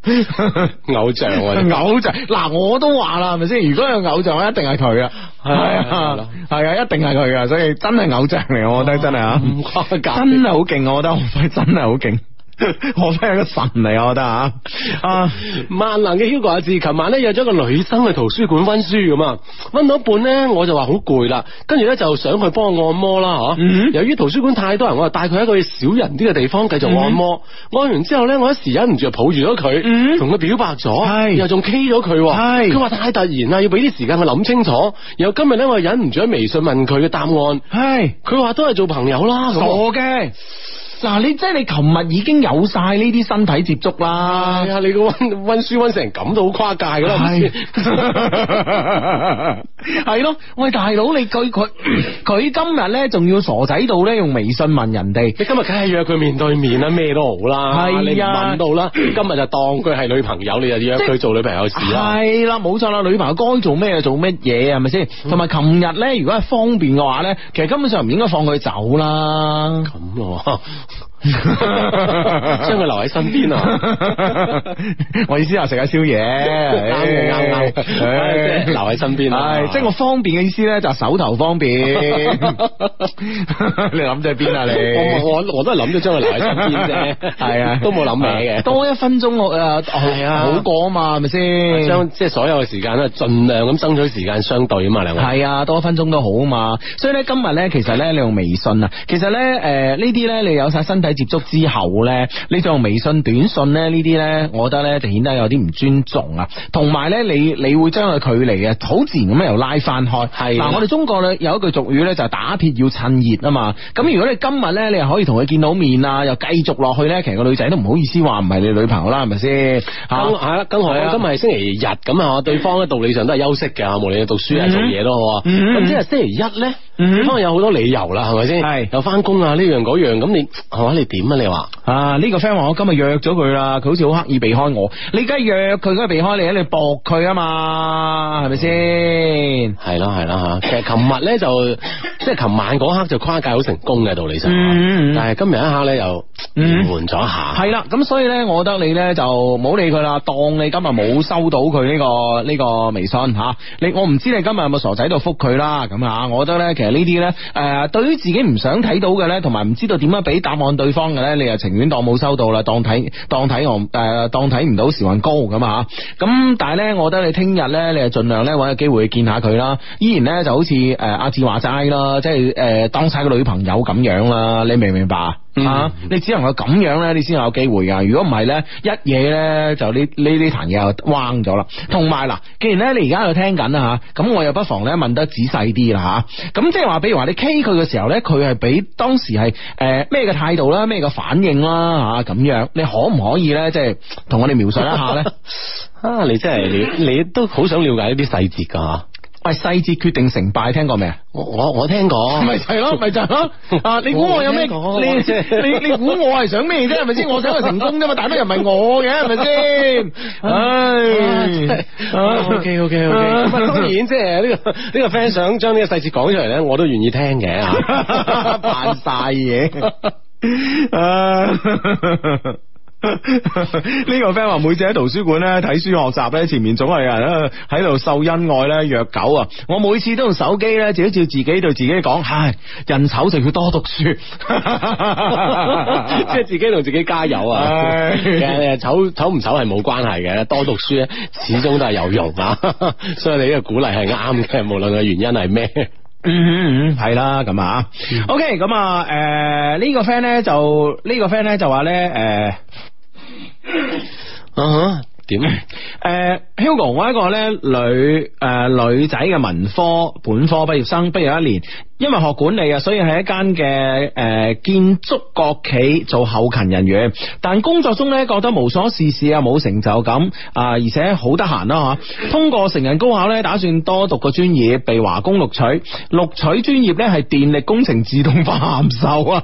Speaker 2: 偶像啊！
Speaker 1: 偶像嗱， 我都話啦，係咪先？如果有偶像，一定係佢 係啊，係 啊，係啊，一定係佢啊，所以真係偶像嚟，我覺得真係啊，真係好勁，我覺得真係好勁。 我真係個神嚟，我覺得吓。啊，萬能嘅 Hugo 志，琴晚咧約咗個女生去圖書館溫書咁，溫到一半咧，我就話好攰啦，跟住咧就想佢幫我按摩啦、嗯，由於圖書館太多人，我就帶佢喺個少人啲嘅地方繼續按摩、嗯。按完之後咧，我一時忍唔住抱住咗佢，同、嗯、佢表白咗，又仲 K 咗佢。佢話太突然啦，要俾啲時間佢諗清楚。然後今日咧，我忍唔住喺微信問佢嘅答案。係，佢話都係做朋友啦，傻嘅。嗱，即是你即係你琴日已經有晒呢啲身體接觸啦。係啊，你個温温書温成咁都好跨界噶啦，係咪先？係
Speaker 3: 咯。喂，大佬，你佢佢
Speaker 1: 佢今日咧仲要傻仔度咧用微信問人哋？你今日梗係約佢面對面啦，咩都好啦。係啊，你問到啦，今日就當佢係女朋友，啊、你就約佢做女朋友事啦。係啦、啊，冇錯啦，女朋友該做咩就做乜嘢，係咪先？同埋琴日咧，如果係方便嘅話咧，其實根本上唔應該放佢走啦。咁啊。
Speaker 3: 將 佢留喺身邊啊！
Speaker 1: 我意思話食下宵夜，啱唔啱？即、嗯、係、嗯哎就是、留喺身邊、啊，係即係我方便嘅意思咧，就手頭方便。
Speaker 3: 你諗咗去邊啊？你我我,
Speaker 1: 我都係諗咗將佢留喺身邊啫，係 啊，都冇諗嘢嘅。多一分鐘我係啊，好過啊嘛，係咪先？將即係所有嘅時間咧，盡量咁爭取時間相對啊嘛，兩位係啊，多一分鐘都、 啊啊啊啊啊、好啊嘛。所以咧，今日咧，其實咧，你用微信啊，其實咧，誒、呃，呢啲咧，你有晒身體。接觸之後咧，呢種微信短信咧，呢啲咧，我覺得咧就顯得有啲唔尊重啊。同埋咧，你你會將個距離啊，好自然咁又拉翻開。係嗱，我哋中國咧有一句俗語咧，就係打鐵要趁熱啊嘛。咁如果你今日咧，你又可以同佢見到面啊，又繼續落去咧，其實個女仔都唔好意思話唔係你女朋友啦，係咪先？吓係啦，咁我今日星期日咁啊、嗯，對方咧道理上都係休息嘅，無論係讀書啊做嘢咯。咁、嗯、即係星期一咧，可能有好多理由啦，係咪先？係又翻工啊，呢、這個、樣嗰樣咁，你點啊？你話啊呢、這個 friend 話我今日約咗佢啦，佢好似好刻意避開我。你梗係約佢，梗係避開你，喺度搏佢啊嘛，係咪先？係 咯，係咯吓。其實琴日咧就 即係琴晚嗰刻就跨界，好成功嘅道理上。嗯嗯、但係今日一下咧又
Speaker 2: 變緩咗一下。
Speaker 1: 係啦，咁所以咧、這個這個啊，我覺得你咧就唔好理佢啦，當你今日冇收到佢呢個呢個微信吓，你我唔知你今日有冇傻仔度覆佢啦。咁啊，我覺得咧，其實呢啲咧誒，對於自己唔想睇到嘅咧，同埋唔知道點樣俾答案對。方嘅咧，你又情願當冇收到啦，當睇當睇我，誒，當睇唔到時運高咁啊吓！咁但係咧，我覺得你聽日咧，你啊盡量咧搵個機會見下佢啦。依然咧就好似誒阿志話齋啦，即係誒當晒個女朋友咁樣啦，你明唔明白？啊？吓、嗯，你只能夠咁樣咧，你先有機會噶。如果唔係咧，一嘢咧就呢呢呢壇嘢就彎咗啦。同埋嗱，既然咧你而家喺度聽緊啦吓，咁我又不妨咧問得仔細啲啦吓。咁即係話，比如話你 K 佢嘅時候咧，佢係俾當時係誒咩嘅態度啦，咩嘅反應啦吓咁樣，你可唔可以咧即係同我哋描述一下咧？ 啊，你真係你你都好想了解呢啲細節噶。喂，細節決定成敗，聽過未啊？我我我聽過，咪就咯、是，咪就咯、是。啊， 你估我有咩？你你你估我係想咩啫？係咪先？我想成功啫嘛，但係乜又唔係我嘅，係
Speaker 4: 咪先？
Speaker 1: 唉，唉，唉，唉，OK OK OK，咁、啊、當然啫。呢、這個呢、這個 friend 想將呢個細節講出嚟咧，我都願意聽嘅。扮晒嘢。 啊呢 個 friend 話每次喺圖書館咧睇書學習咧，前面總係有人喺度秀恩愛咧，虐狗啊！我每次都用手機咧照一照自己，對自己講：，唉，人醜就要多讀書， 即係自己同自己加油啊！誒， 醜醜唔醜係冇關係嘅，多讀書咧始終都係有用啊！ 所以你呢個鼓勵係啱嘅，無論個原因係咩，嗯嗯係啦，咁啊，OK，咁啊，誒、呃，呢、這個 friend 咧就呢、這個 friend 咧就話咧，誒、呃。啊哈？點？ 誒、uh、，Hugo，、uh, 我係一個咧女誒、呃、女仔嘅文科本科畢業生，畢業一年。因為學管理啊，所以喺一間嘅誒、呃、建築國企做後勤人員，但工作中呢，覺得無所事事啊，冇成就感啊、呃，而且好得閒啦吓。通過成人高考呢，打算多讀個專業，被華工錄取，錄取專業呢，係電力工程自動化函授啊。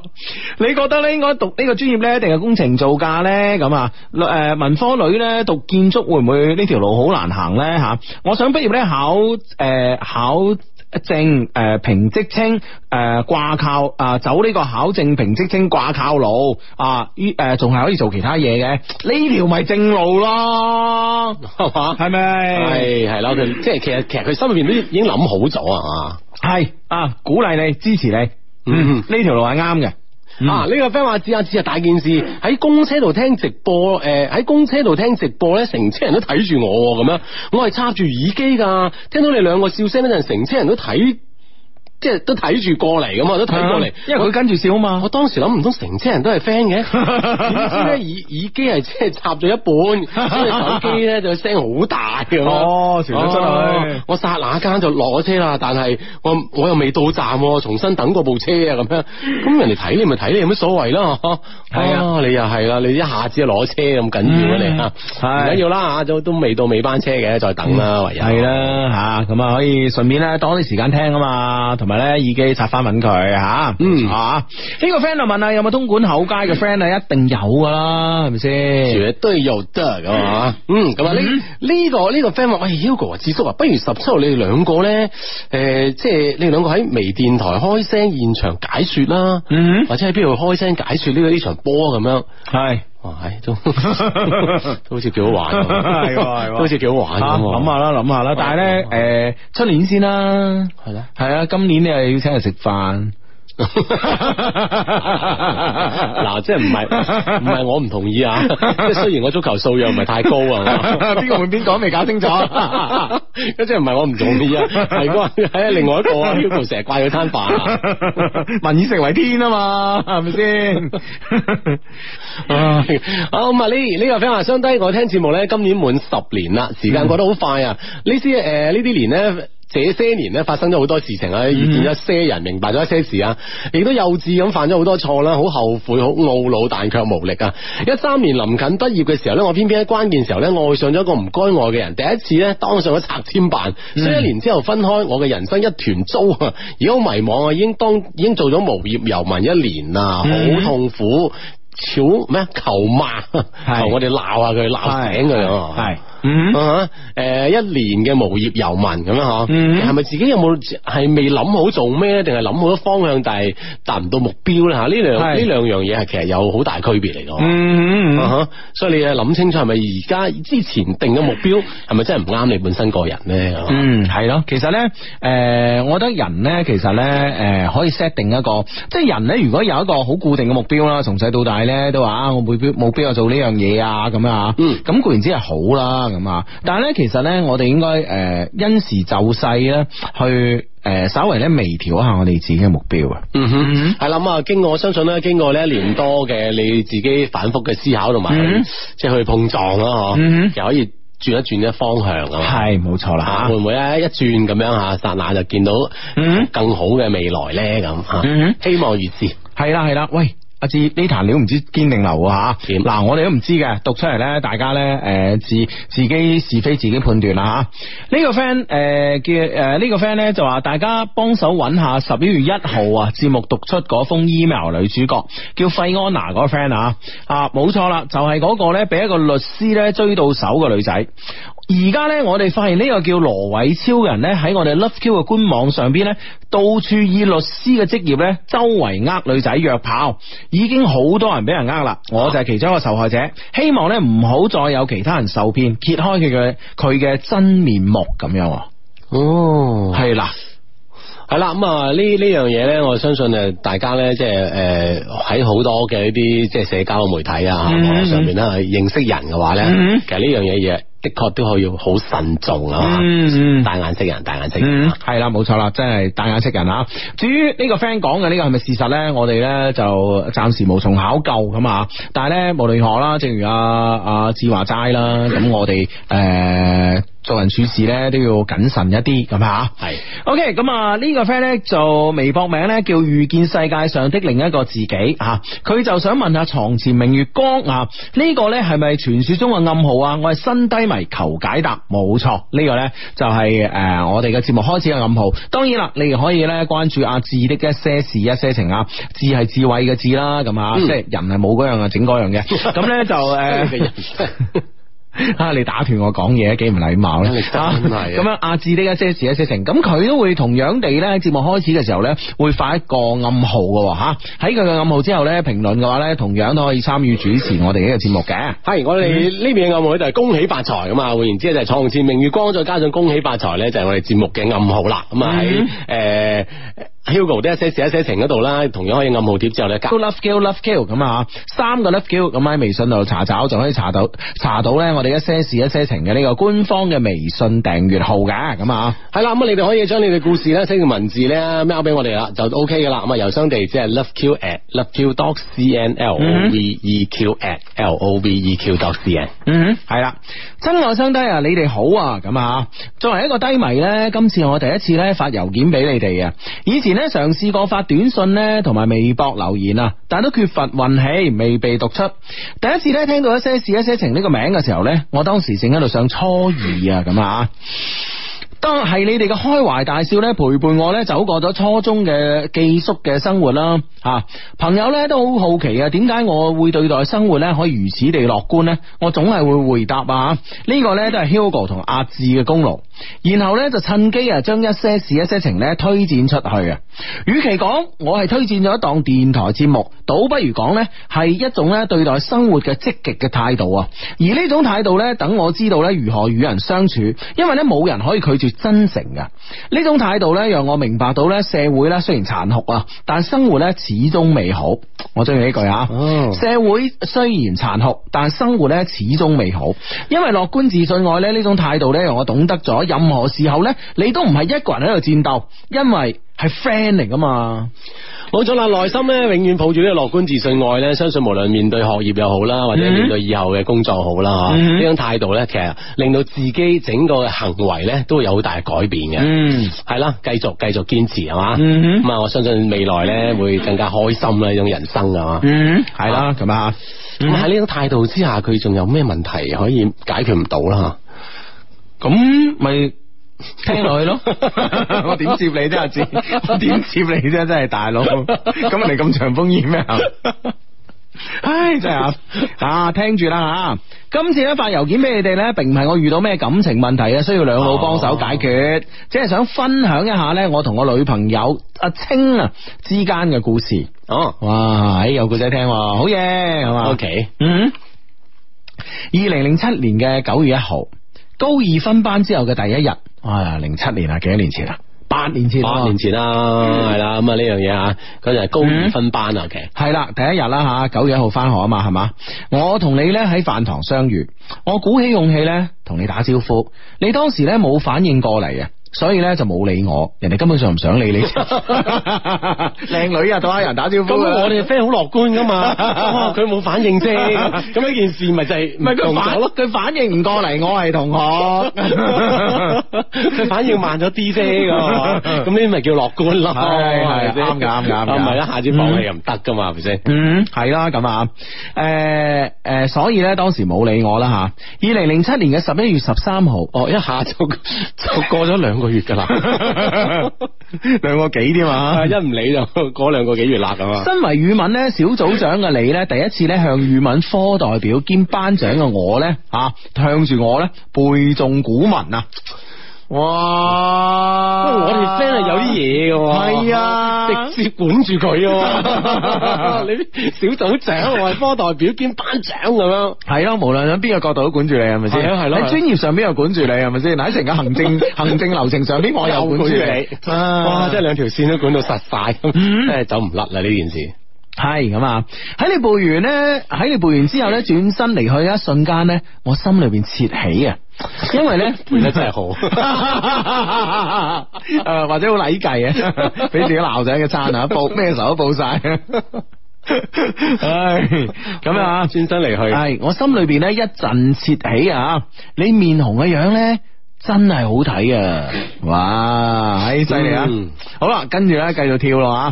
Speaker 1: 你覺得呢？應該讀呢個專業咧，定係工程造價呢？咁啊，誒文科女呢，讀建築會唔會呢條路好難行呢？吓，我想畢業呢、呃，考誒考。證誒評職稱誒掛靠啊，走呢個考證評職稱掛靠路啊，依誒仲係可以做其他嘢嘅？呢條咪正路咯，係係咪係係啦，佢即係其實其實佢心入邊都已經諗好咗 啊係啊，鼓勵你支持你嗯哼，呢條路係啱嘅。.啊！呢個 friend 話指啊指啊大件事，喺公車度聽直播，誒、呃、喺公車度聽直播咧，成車人都睇住我咁樣，我係插住耳機噶，聽到你兩個笑聲嗰陣，成車人都睇。即係都睇住過嚟咁嘛，都睇過嚟，因為佢跟住笑嘛。我，我當時諗唔通，成車人都係 friend 嘅，點 知咧，耳耳機係即係插咗一半，因為 手機咧就聲好大嘅。哦，哦哦我剎那間就落咗車啦。但係我我又未到站，重新等嗰部車咁樣。咁人哋睇你咪睇你，有乜所謂咯？係啊、哎，你又係啦，你一下子攞車咁緊要啊、嗯、你，唔緊要啦，都都未到尾班車嘅，再等啦，嗯、唯有係啦吓，咁啊可以順便咧多啲時間聽啊嘛。同埋咧，耳機插翻問佢吓，嗯啊，呢、這個 friend 就問啊，有冇東莞厚街嘅 friend 啊？一定有噶啦，係咪先？絕對有得噶嘛，咁啊，嗯，咁啊呢呢個呢、這個 friend 話，喂，Hugo 啊，Hugo, 智叔啊，不如十七號你哋兩個咧，誒、呃，即、就、係、是、你哋兩個喺微電台開聲現場解說啦，嗯，嗯，或者喺邊度開聲解說呢個呢場波咁樣，係。係，都都好 都好似幾好玩，係喎係喎，好似幾好玩咁。諗、啊、下啦，諗下啦。但係咧，誒、嗯，出、呃、年先啦，係啦，係啊，今年你又要請人食飯。嗱， 即係唔係唔係我唔同意啊！即係雖然我足球素養唔係太高啊，邊個邊講未搞清楚？ 即係唔係我唔同意啊？係嗰個另外一個啊，Hugo 成日怪嗰餐飯，民以食為天啊嘛，係咪先？ 好咁啊，呢呢個 friend 話相低，我聽節目咧，今年滿十年啦，時間過得好快啊！嗯呃、年呢啲誒，呢啲年咧。這些年呢，發生咗好多事情啊，遇見一些人，明白咗一些事啊，亦都幼稚咁犯咗好多錯啦，好後悔，好懊惱，惱，但卻無力啊！一三年臨近畢業嘅時候呢，我偏偏喺關鍵時候呢，愛上咗一個唔該愛嘅人，第一次呢當上咗拆遷辦，所以、嗯、一年之後分開，我嘅人生一團糟啊，而家好迷茫啊，已經當已經做咗無業游民一年啦，好痛苦，吵咩？求罵，求我哋鬧下佢，鬧醒佢啊！嗯，誒，一年嘅無業遊民咁樣嗬，係咪，mm-hmm. 自己有冇係未諗好做咩定係諗好咗方向，但係達唔到目標啦？吓，呢兩呢兩樣嘢係其實有好大區別嚟嘅。嗯，吓，所以你諗清楚係咪而家之前定嘅目標係咪真係唔啱你本身個人咧？嗯，係咯，其實咧，誒、呃，我覺得人咧，其實咧，誒、呃，可以 set 定一個，即係人咧，如果有一個好固定嘅目標啦，從細到大咧，都話啊我目標目標係做呢樣嘢啊，咁啊，嗯，咁固然之係好啦。咁啊！但係咧，其實咧，我哋應該誒因時就勢咧，去誒、呃、稍微咧微調一下我哋自己嘅目標啊。嗯哼，係啦。咁啊，經過我相信咧，經過呢一年多嘅你自己反覆嘅思考同埋，即係去碰撞囉，嗬、mm -hmm.。又可以轉一轉嘅方向啊。係、mm -hmm.，冇錯啦。會唔會咧一轉咁樣吓，刹那就見到嗯更好嘅未來咧？咁啊，希望如是。係啦，係啦，喂。阿志呢壇料唔知堅定流啊吓，嗱我哋都唔知嘅，讀出嚟呢，大家呢，誒、呃、自自己是非自己判斷啦吓。呢、啊這個 friend 誒、呃、叫誒呢、呃這個 friend 呢就話大家幫手揾下十一月一號啊節目讀出嗰封 email 女主角叫費安娜嗰個 friend 啊，啊冇錯啦，就係、是、嗰個呢，俾一個律師呢追到手嘅女仔。而家呢，我哋發現呢個叫羅偉超嘅人呢，喺我哋 Love Q 嘅官網上邊呢，到處以律師嘅職業呢，周圍呃女仔約炮，已經好多人俾人呃啦。我就係其中一個受害者。希望呢唔好再有其他人受騙，揭開佢佢佢嘅真面目咁樣。哦，係啦，係啦。咁啊，呢呢樣嘢呢，我相信誒，大家呢，即係誒喺好多嘅一啲即係社交媒體啊網絡上面咧認識人嘅話呢，嗯嗯其實呢樣嘢嘢。的確都要好慎重啊，嘛、嗯，大眼識人，大眼識人，係、嗯、啦，冇錯啦，真係大眼識人啊！至於呢個 friend 講嘅呢個係咪事實咧，我哋咧就暫時無從考究咁啊！但係咧無論如何啦，正如啊阿志華齋啦，咁 我哋誒。呃做人處事咧都要謹慎一啲，咁啊，係，OK，咁啊呢個 friend 咧就微博名咧叫遇見世界上的另一個自己，吓，佢就想問下床前明月光啊，呢個咧係咪傳說中嘅暗號啊？我係新低迷求解答，冇錯，呢個咧就係誒我哋嘅節目開始嘅暗號，當然啦，你可以咧關注阿智的一些事一些情啊，智係智慧嘅智啦，咁、嗯、啊，即係人係冇嗰樣啊，整嗰樣嘅，咁 咧那就誒。 啊、你打斷我講嘢，幾唔禮貌咧？咁樣阿志呢？一些事一些情，咁佢都會同樣地咧，節目開始嘅時候咧，會發一個暗號嘅吓。喺佢嘅暗號之後咧，評論嘅話咧，同樣都可以參與主持我哋呢個節目嘅。係，我哋呢邊嘅暗號就係恭喜發財咁啊，換言之就係床前明月光，再加上恭喜發財咧，就係我哋節目嘅暗號啦。咁啊喺誒。Hugo 啲一些事一些情嗰度啦，同樣可以暗號貼之後咧加個 LoveQ LoveQ 咁啊，三個 LoveQ 咁喺微信度查找就可以查到查到咧，我哋一些事一些情嘅呢個官方嘅微信訂閱號嘅，咁啊係啦，咁你哋可以將你哋故事咧寫完文字咧咩啊俾我哋啦，就 O K 嘅啦，咁啊郵箱地址係 LoveQ at LoveQ Dot C N L O V E Q at L O V E Q Dot C N，嗯，係啦，親愛相低啊，你哋好啊，咁啊，作為一個低迷咧，今次我第一次咧發郵件俾你哋啊。以前。咧嘗試過發短信呢，同埋微博留言啊，但都缺乏運氣，未被讀出。第一次咧聽到一些事一些情呢個名嘅時候呢，我當時正喺度上初二啊咁啊。當係你哋嘅開懷大笑咧，陪伴我咧走過咗初中嘅寄宿嘅生活啦。吓，朋友咧都好好奇啊，點解我會對待生活咧可以如此地樂觀咧？我總係會回答啊，呢個咧都係 Hugo 同阿志嘅功勞。然後咧就趁機啊，將一些事、一些情咧推薦出去啊。與其講我係推薦咗一檔電台節目，倒不如講咧係一種咧對待生活嘅積極嘅態度啊。而呢種態度咧，等我知道咧如何與人相處，因為咧冇人可以拒絕。真誠噶呢種態度咧，讓我明白到咧社會咧雖然殘酷啊，但生活咧始終美好。我中意呢句啊，社會雖然殘酷，但生活咧始終美好。oh. 好。因為樂觀自信愛咧，呢種態度咧，讓我懂得咗任何時候咧，你都唔係一個人喺度戰鬥，因為係 friend 嚟噶嘛。冇咗啦，內心咧永遠抱住呢個樂觀自信愛咧，相信無論面對學業又好啦，或者面對以後嘅工作好啦，吓、mm-hmm.、呢種態度咧，其實令到自己整個嘅行為咧都會有好大嘅改變嘅。嗯、mm-hmm.，係啦，繼續繼續堅持係嘛，咁啊，我相信未來咧會更加開心啦，呢種人生、
Speaker 2: mm-hmm. 啊嘛，
Speaker 1: 嗯，係啦，係嘛，咁啊喺呢種態度之下，佢仲有咩問題可以解決唔到啦？吓，咁咪。聽落去咯， 我點接你啫？接 我點接你啫？真係大佬，
Speaker 3: 咁你咁長風煙咩？ 唉，真、
Speaker 1: 就、係、是、啊！聽住啦吓，今次咧發郵件俾你哋咧，並唔係我遇到咩感情問題啊，需要兩老幫手解決，哦、即係想分享一下咧，我同我女朋友阿青啊，啊之間嘅故事。
Speaker 3: 哦，哇，有故事聽，好嘢，係嘛？O K，
Speaker 1: 嗯，二零零七年嘅九月一號。高二分班之後嘅第一日，係零七年啊，幾多年前啊，八年前，八年前啦，係啦，咁啊呢樣嘢啊，嗰日係高二分班啊，其實係啦，第一日啦吓，九月一號翻學啊嘛，係嘛，我同你咧喺飯堂相遇，我鼓起勇氣咧同你打招呼，你當時咧冇反應過嚟啊。所以咧就冇理我，人哋根本上唔想理你。靚女啊同啲人打招呼，咁我哋 friend 好樂觀噶嘛。佢冇反應啫，咁呢件事咪就係咪佢同學咯？佢反應唔過嚟，我係同學，佢反應慢咗啲啫。咁呢啲咪叫樂觀咯？系係啱噶啱噶，唔係一下子放棄又唔得噶嘛？係咪先？嗯，係啦咁啊。誒誒，所以咧當時冇理我啦吓。二零零七年嘅十一月十三號，哦一下就就過咗兩個。 個月噶啦，兩個幾添嘛，一唔理就過兩個幾月啦咁啊。身為語文咧小組長嘅你咧，第一次咧向語文科代表兼班長嘅我咧，吓向住我咧背誦古文啊。
Speaker 3: 哇，哇！不過我哋 friend 係有啲嘢嘅，係啊，直接管住佢。 你啲小組
Speaker 1: 長，我係科代表兼班長咁樣，
Speaker 3: 係 咯，無論喺邊個
Speaker 1: 角度都管住你，係咪先？係咯，喺專業上邊又管住你，係咪先？喺成個行政 行政流程上邊，我又管住你，你。哇！即係兩條線都管到實晒， 真係走唔甩啦呢件事。係咁啊！喺你背完咧，喺你背完之後咧，轉身離去一瞬間咧 真， 我心裏邊竊喜啊！因為咧背得真係好，誒或者好禮計啊，俾自己鬧仔嘅餐啊，報咩時候都報晒。唉，咁樣啊，轉身離去。係我心裏邊咧一陣竊喜啊！你面紅嘅樣咧。真係好睇啊！哇，唉，犀利啊！好啦，跟住咧，繼續跳咯吓。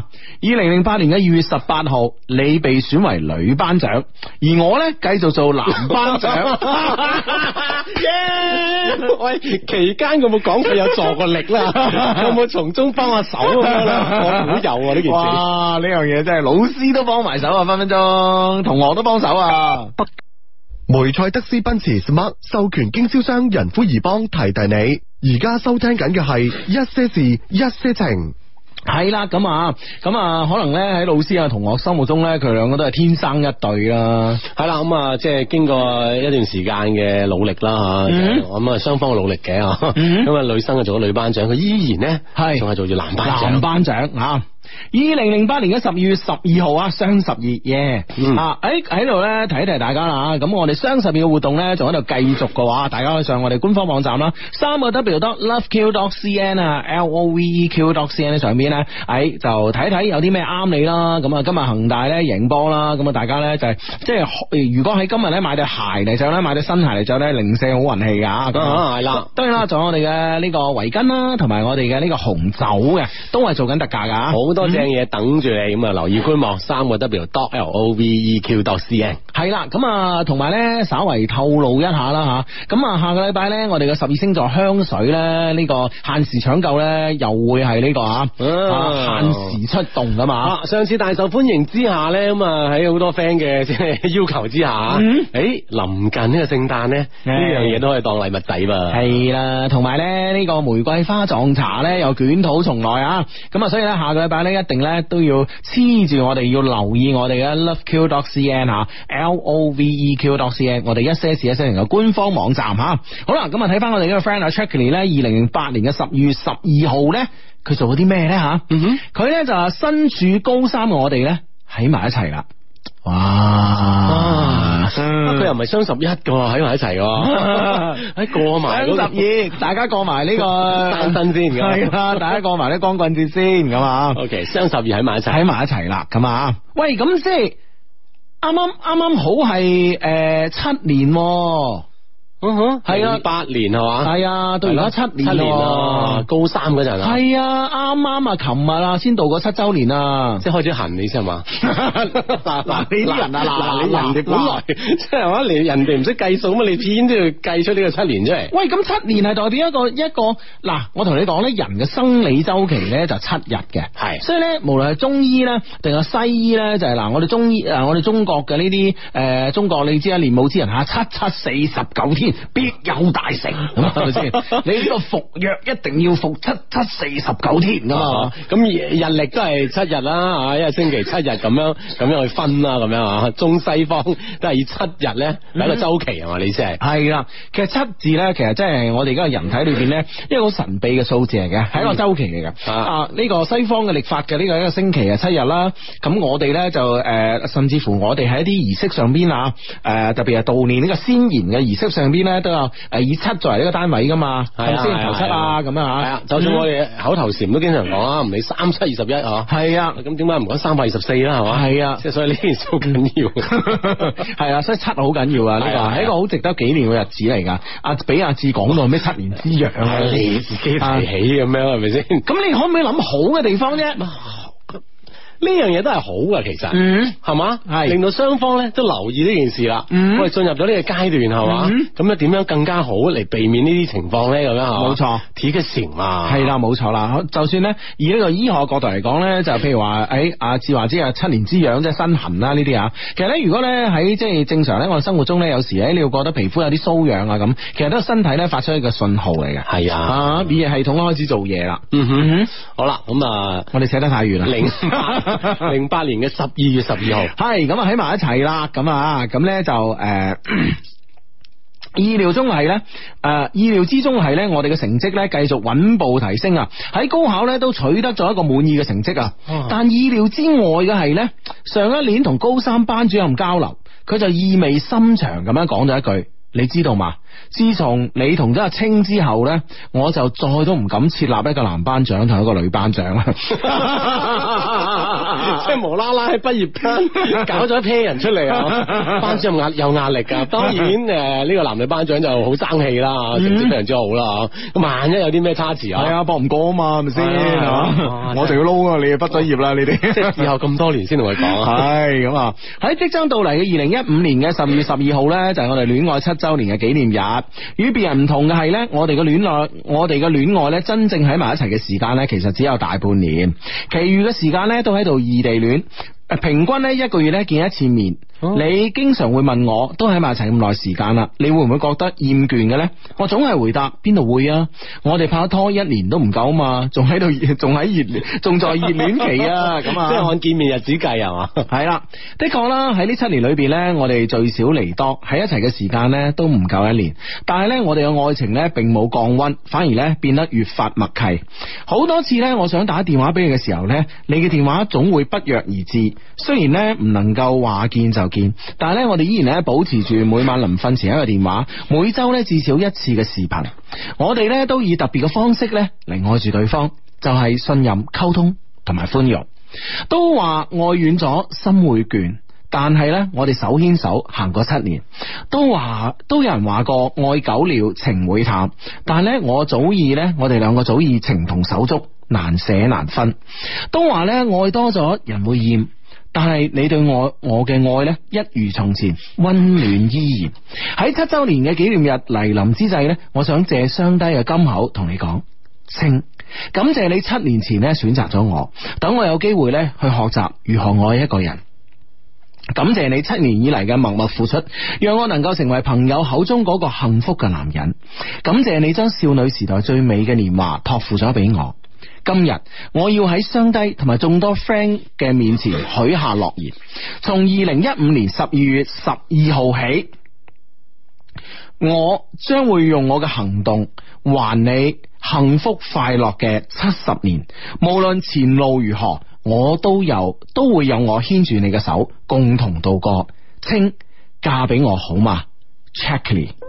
Speaker 1: 二零零八年嘅二月十八號，你被選為女班長，而我咧繼續做男班長。
Speaker 2: yeah, 喂，期
Speaker 1: 間有冇講佢有助過力啦？ 有冇從中幫下手？好有啊！呢 件事，哇，呢樣嘢真係老師都幫埋手啊，分分鐘，同學都幫手啊。
Speaker 3: 梅賽德斯奔馳 smart 授權經銷
Speaker 1: 商仁孚怡邦提提你，而家收聽緊嘅係一些事一些情，係啦，咁啊，咁啊，可能咧喺老師啊同學心目中咧，佢兩個都係天生一對啊，係啦，咁、嗯、啊即係經過一段時間嘅努力啦吓，咁啊雙方嘅努力嘅，咁、嗯、啊、嗯、女生啊做咗女班長，佢依然咧係仲係做住男男班長啊。男班長，嗯。二零零八年嘅十二月十二號啊，雙十二耶！啊，誒喺度咧提一提大家啦，咁我哋雙十二嘅活動咧，仲喺度繼續嘅話，大家可以上我哋官方網站啦，三、嗯、個 W dot Love Q dot C N 啊，L O V E Q dot C N 上邊咧，喺、嗯哎、就睇睇有啲咩啱你啦。咁啊，今日恒大咧贏波啦，咁啊，大家咧就係、是、即係如果喺今日咧買對鞋嚟着咧，買對新鞋嚟着咧，零四好運氣噶，係、嗯、啦、啊嗯。當然啦，仲有我哋嘅呢個圍巾啦，同埋我哋嘅呢個紅酒嘅，都係做緊特價噶。多正嘢等住你咁啊！留意官網，三個 w dot l o v e q dot c n 係啦。咁啊，同埋咧，稍微透露一下啦吓。咁啊，下個禮拜咧，我哋嘅十二星座香水咧，呢、這個限時搶購咧，又會係呢個啊，啊，啊，限時出動嘛啊嘛。上次大受歡迎之下咧，咁啊喺好多 friend 嘅即係要求之下，誒、嗯，臨、欸、近呢個聖誕咧，呢、嗯、樣嘢都可以當禮物抵噃。係啦，同埋咧，呢、這個玫瑰花撞茶咧又捲土重來啊。咁啊，所以咧下個禮拜。咧一定咧都要黐住我哋，要留意我哋嘅 LoveQ.CN 吓，L O V E Q.CN，我哋一些事一些情嘅官方網站吓。好啦，咁啊睇翻我哋呢個 friend 阿 Checkley 咧，二零零八年嘅十二月十二號咧，佢做咗啲咩咧吓？哼，佢咧就身處高三，嘅我哋咧喺埋一齊啦。哇！佢、啊嗯、又唔係雙十一噶喎，喺埋一齊喎，喺、啊、 過埋、那個。雙十二，大家過埋呢個單身先，係 啦， 大家過埋啲光棍節先咁啊。O K，雙十二喺埋一齊，喺埋一齊啦咁啊。喂，咁即係啱啱啱啱好係誒、呃、七年。嗯、啊、哼，係啦、啊，八年係嘛，係啊，啊，到而家七年七年，七年高三嗰陣，係啊，啱啱啊，琴日啊，先到過七周年啊，即係開始行你先係嘛？嗱嗱，你啲人啊，嗱 你人哋本來，即係話你人哋唔識計數啊嘛，你自然都要計出呢個七年出嚟。喂，咁七年係代表一個一個嗱，我同你講咧，人嘅生理周期咧就七日嘅，係，所以咧，無論係中醫咧，定係西醫咧，就係、是、嗱，我哋中醫啊，我哋中國嘅呢啲誒，中國你知啊，練武之人吓七七四十九天。必有大成，係咪先？你呢個服藥一定要服七七四十九天㗎嘛！咁 日曆都係七日啦，一個星期七日咁樣咁樣去分啦，咁樣啊！中西方都係以七日咧係一個周期，係嘛意思係？係啦，其實七字咧，其實真係我哋而家人體裏邊咧， 一個好神秘嘅數字嚟嘅，係一個周期嚟嘅，嗯。啊、呢、這個西方嘅曆法嘅呢個一個星期係七日啦。咁我哋咧就誒、呃，甚至乎我哋喺一啲儀式上邊啊，誒、呃，特別係悼念呢、這個先賢嘅儀式上邊。咩都有，誒，以七作為呢個單位噶嘛，頭先、啊、頭七啊咁樣啊，啊，就算我哋口頭禪都經常講啊，唔理三七二十一啊，係啊，咁點解唔講三百二十四啦係嘛，係啊，即係、啊、所以呢件事好緊要，係 啊，所以七好緊要啊，呢、啊這個係一個好值得紀念嘅日子嚟噶，阿、啊啊、比阿志講到咩七年之癢啊，你自己提起
Speaker 3: 咁樣係咪先？
Speaker 1: 咁、啊啊、你可唔可以諗好嘅地方啫？呢樣嘢都係好㗎，其實，係、嗯、嘛，係令到雙方咧都留意呢件事啦、嗯。我哋進入咗呢個階段係嘛，咁就點樣更加好嚟，避免況呢啲情況咧咁樣？冇錯，貼個蟬嘛，係啦，冇錯啦。就算咧以一個醫學角度嚟講咧，就譬如話，誒、哎、阿、啊、志華之啊七年之癢即係身痕啦呢啲啊。其實咧如果咧喺即係正常咧我哋生活中咧有時咧你會覺得皮膚有啲瘙癢啊咁，其實都係身體咧發出一個信號嚟嘅。係啊，免、啊、疫、嗯、系統開始做嘢啦。嗯哼，好啦，咁啊，我哋扯得太遠啦。 零 八年嘅十二月十二號，係咁啊喺埋一齊啦，咁啊咁呢就誒、呃，意料中係呢，誒、呃、意料之中係呢，我哋嘅成績呢，繼續穩步提升啊！喺高考呢，都取得咗一個滿意嘅成績啊！但意料之外嘅係呢，上一年同高三班主任交流，佢就意味深長咁樣講咗一句，你知道嘛？自從你同咗阿清之後呢，我就再都唔敢設立一個男班長同一個女班長啦。 即係無啦啦喺畢業班搞咗一批人出嚟啊！班長有壓有壓力噶，當然誒呢、呃這個男女班長就生氣好生氣啦，成績非常之好啦，萬一有啲咩差池呀 你 啊，係啊，搏唔過啊嘛，係咪先？我哋要撈
Speaker 3: 你啊！畢咗業啦，你哋
Speaker 1: 即以後咁多年先同佢講。係咁啊！喺即將到嚟嘅二零一五年嘅十二月十二號咧，就係我哋戀愛七週年嘅紀念日。與別人唔同嘅係咧，我哋嘅戀愛，我哋嘅戀愛咧，真正喺埋一齊嘅時間咧，其實只有大半年，其餘嘅時間咧都喺度。異地戀。平均呢，一個月咧見一次面，你經常會問我，都喺埋一齊咁耐時間啦，你會唔會覺得厭倦嘅呢？我總係回答邊度會啊！我哋拍拖一年都唔夠嘛，仲喺度仲喺熱仲在熱戀期 啊！咁即係按見面日子計係嘛？係啦，的確啦，喺呢七年裏邊呢，我哋聚少離多喺一齊嘅時間呢都唔夠一年，但係呢，我哋嘅愛情呢並冇降溫，反而呢變得越發默契。好多次呢，我想打電話俾你嘅時候呢，你嘅電話總會不約而至。雖然咧唔能夠話見就見，但係咧我哋依然咧保持住每晚臨瞓前一個電話，每周咧至少一次嘅視頻。我哋咧都以特別嘅方式咧嚟愛住對方，就係信任、溝通同埋寬容。都話愛遠咗心會倦，但係咧我哋手牽手行過七年。都話都有人話過愛久了情會淡，但係咧我早已咧我哋兩個早已情同手足，難捨難分。都話咧愛多咗人會厭。但係你對我我嘅愛呢，一如從前溫暖依然。喺七周年嘅紀念日嚟臨之際呢，我想借雙低嘅金口同你講聲，感謝你七年前呢選擇咗我，等我有機會呢去學習如何愛一個人。感謝你七年以嚟嘅默默付出，讓我能夠成為朋友口中嗰個幸福嘅男人。感謝你將少女時代最美嘅年華託付咗俾我。今日我要喺上帝同埋眾多 friend 嘅面前許下諾言，從二零一五年十二月十二號起，我將會用我嘅行動還你幸福快樂嘅七十年。無論前路如何，我都有都會有我牽住你嘅手，共同度過。請嫁俾我好嗎？chter。Check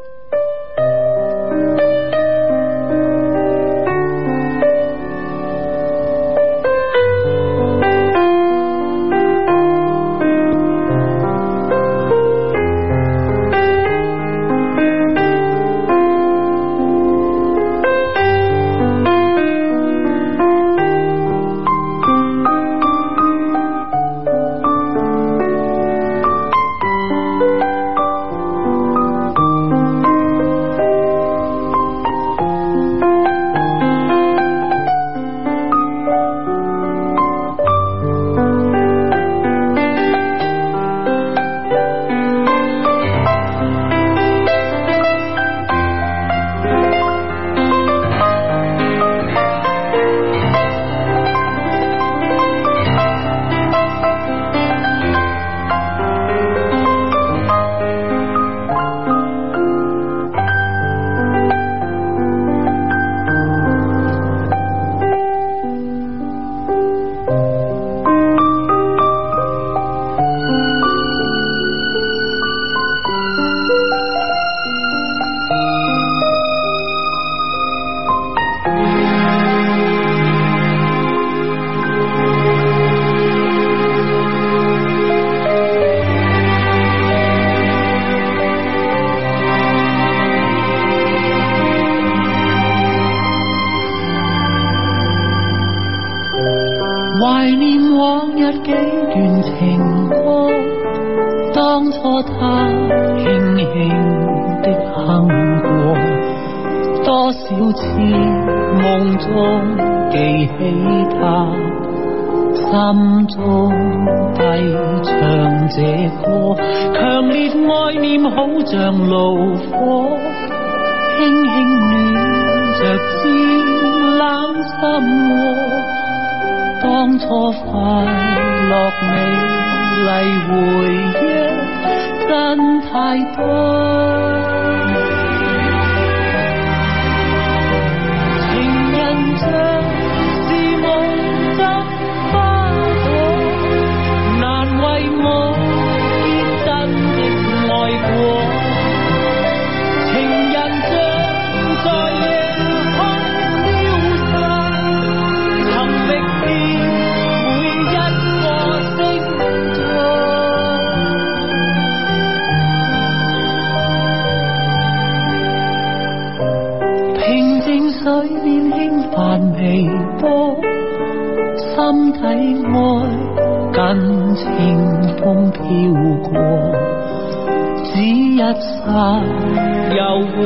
Speaker 3: 又回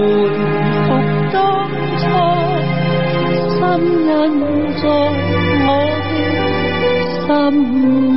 Speaker 3: 復當初，深印在我的心。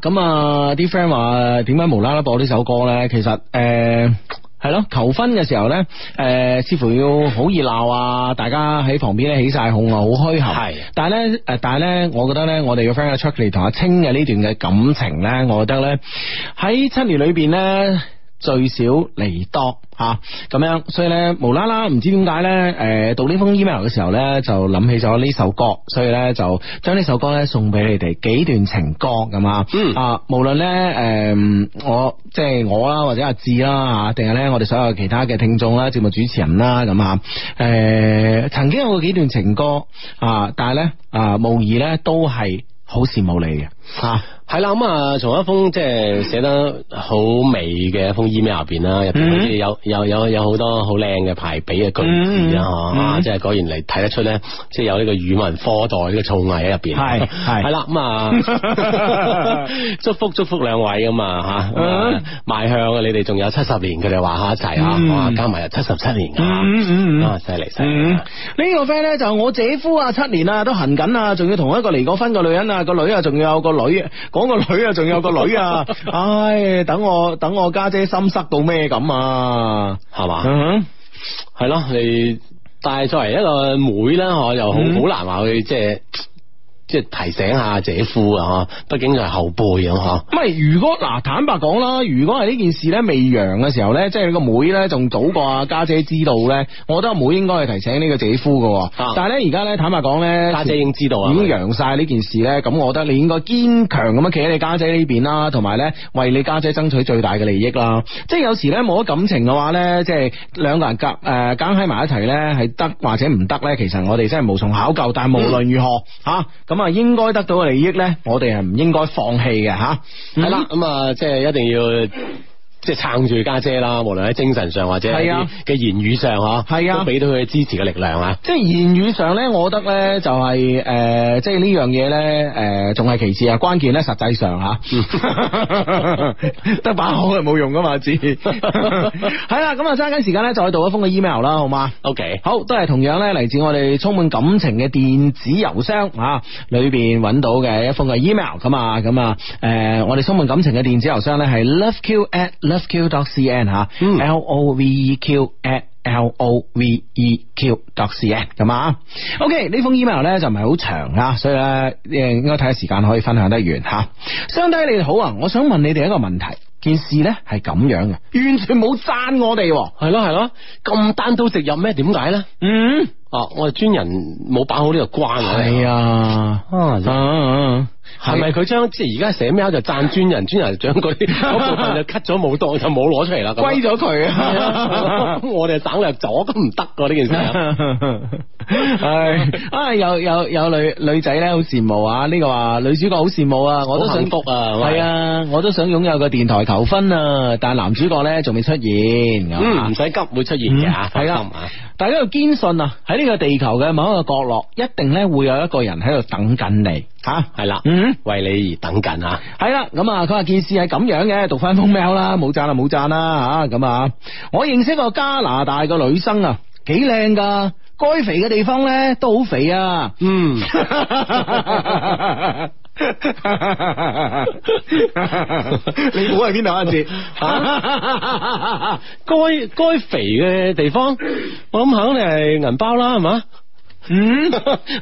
Speaker 1: 咁啊，啲 friend 話點解無啦啦播呢首歌咧？其實誒，係、呃、咯，求婚嘅時候咧，誒、呃，似乎要好熱鬧啊！大家喺旁邊咧起晒哄啊，好墟冚。係、呃，但係咧誒，但係咧，我覺得咧，我哋嘅 friend 阿 Chucky 同阿清嘅呢段嘅感情咧，我覺得咧喺七年裏邊咧。最少嚟多吓咁樣，所以咧無啦啦唔知點解咧，誒到呢封 email 嘅時候咧就諗起咗呢首歌，所以咧就將呢首歌咧送俾你哋幾段情歌，係、嗯、嘛，啊無論咧誒我，我即係我啦或者阿志啦吓，定係咧我哋所有其他嘅聽眾啦節目主持人啦咁啊，誒、呃、曾經有過幾段情歌啊，但係咧啊無疑咧都係好羨慕你嘅。啊，係啦，咁、嗯、啊，從一封即係寫得好微嘅一封 email 入邊啦，入、嗯、邊有有有有好多好靚嘅排比嘅句子嗯嗯啊，嗯、即係果然嚟睇得出咧，即係有呢個語文科代嘅造詣喺入邊，係、嗯、係、嗯，啦、嗯，咁、嗯、啊、嗯嗯嗯嗯， 祝福祝福兩位啊嘛，吓、嗯嗯，邁向你哋仲有七十年，佢哋話下一齊啊，哇，
Speaker 2: 加埋又七十七年啊。嗯嗯嗯，
Speaker 1: 犀利犀利，呢、嗯嗯這個 friend 咧就是我姐夫啊，七年啊都行緊啊，仲要同一個離過婚嘅女人啊，個女啊仲有個。女，講個女啊，仲有個女啊， 唉，等我等我家姐心塞到咩咁啊，係嘛，嗯哼，係咯，你，但係作為一個妹咧，我又好好難話佢即係。就是即係提醒下姐夫啊，畢竟就係後輩啊，吓。如果嗱，坦白講啦，如果係呢件事咧未揚嘅時候咧，即係你個妹咧仲早過阿家姐知道咧，我覺得阿妹應該係提醒呢個姐夫噶、啊。但係咧而家咧坦白講咧，家姐，姐已經知道啊，已經揚晒呢件事咧，咁我覺得你應該堅強咁樣企喺你家姐呢邊啦，同埋咧為你家姐，姐爭取最大嘅利益啦。即係有時咧冇咗感情嘅話咧，即係兩個人夾誒夾喺埋一齊咧係得或者唔得咧？其實我哋真係無從考究。但係無論如何吓、嗯啊咁啊，應該得到嘅利益咧，我哋係唔應該放棄嘅吓。係、嗯、啦，咁啊，即係一定要。即係撐住家姐啦，無論喺精神上或者嘅言語上嗬，係啊，都俾到佢支持嘅力量是啊！即、就、係、是、言語上咧，我覺得咧就係、是、誒、即、呃、係、就是、呢樣嘢咧誒、仲、呃、係其次啊，關鍵咧實際上吓， 得把口係
Speaker 3: 冇用噶嘛，知
Speaker 1: 係啦，咁揸緊時間咧就去讀一封嘅 email 啦，好嘛？OK，好，都係同樣咧嚟自我哋充滿感情嘅電子郵箱吓、啊、裏邊揾到嘅一封嘅 email 噶、啊、嘛，咁啊誒，我哋充滿感情嘅電子郵箱咧係 loveq at love。o q d o t c n 吓，loveqatloveqdotcn 咁啊。OK，呢封 email 咧就唔係好長啊，所以咧應該睇下時間可以分享得完吓。兄弟你哋好啊，我想問你哋一個問題，件事咧係咁樣嘅，完全冇讚我哋，係咯係咯，咁單刀直入咩？點解咧？嗯。哦、啊，我哋專人冇把好呢個關係啊，係咪佢將即係而家寫咩就讚專人，專 人獎嗰啲部分就 cut 咗冇當， 就冇攞出嚟啦，歸咗佢。我哋省略咗都唔得噶呢件事。係啊， 啊 哎、有有有女女仔咧，好羨慕啊！呢、呢個話女主角好羨慕啊，啊，我都想焗啊，係啊，我都想擁有個電台求婚啊，啊但係男主角咧仲未出現唔使、嗯、急會出現嘅。係啊，大家要堅信啊，呢個地球嘅某一個角落，一定咧會有一個人喺度等緊你吓，係啦，嗯，為你而等緊啊。係啦，咁啊，佢話件事係咁樣嘅，讀翻封 mail 啦，冇讚啦，冇讚啦吓，咁啊，我認識個加拿大個女生啊，幾靚噶。該肥嘅地方咧都好肥啊，
Speaker 3: 嗯， 你估，係邊度先？吓、 啊，該該肥嘅地方， 我諗肯定
Speaker 1: 係銀包啦，係嘛？嗯，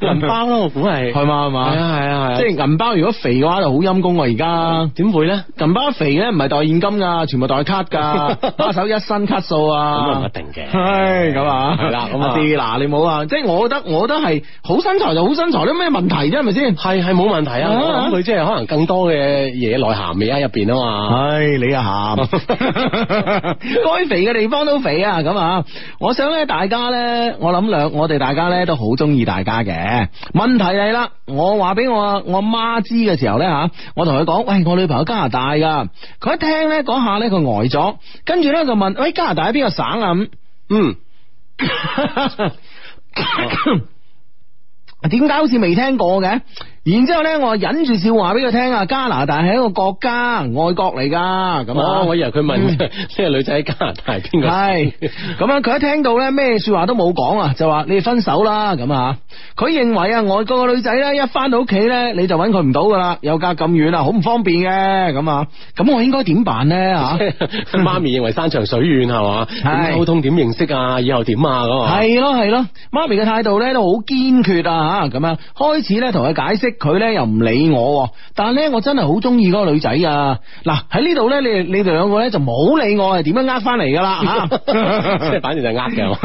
Speaker 1: 銀包咯、啊，我估係係嘛係嘛，係啊係啊，啊，啊、嗯、 啊，啊，啊，啊，即係銀包如果肥嘅話就好陰功啊！而家點會咧？銀包肥咧，唔係代現金噶，全部代卡噶，揸手一身卡數啊！咁啊，唔一定嘅，係咁係啦，咁啊啲嗱，你冇啊，即係我覺得我，我都係好身材就好身材，都咩問題啫？係咪先？係係冇問題啊！題啊啊我諗佢即係可能更多嘅嘢內涵味喺入邊啊嘛！唉、哎，你啊咸，該 肥嘅地方都肥啊！咁啊，我想咧，大家咧，我諗兩，我哋大家咧都好。中意大家嘅問題嚟啦，我話俾我我媽知嘅時候呢吓，我同佢講，喂，我女朋友加拿大噶，佢一聽呢嗰下呢佢呆咗，跟住呢就問，喂，加拿大喺邊個省啊？嗯，點解 好似未聽過嘅？然之後咧，我忍住笑話俾佢聽啊，加拿大係一個國家，外國嚟噶。咁、哦、啊、嗯，我以為佢問，即、嗯、係、這個、女仔喺加拿大邊個？係咁啊！佢 一聽到咧，咩說話都冇講啊，就話你哋分手啦咁啊！佢認為啊，外國個女仔咧，一翻到屋企咧，你就搵佢唔到噶啦，又隔咁遠啦，好唔方便嘅。咁啊，咁我應該點辦咧？吓，媽咪認為山長水遠係嘛，點 溝通？點認識啊？以後點啊？啊？係咯係咯，媽咪嘅態度咧都好堅決啊！咁啊，開始咧同佢解釋。佢咧又唔理我，但係咧我真係好中意嗰個女仔啊！嗱喺呢度咧，你你哋兩個咧就冇理我，係點樣呃翻嚟噶啦？即、啊、係 反正就呃嘅，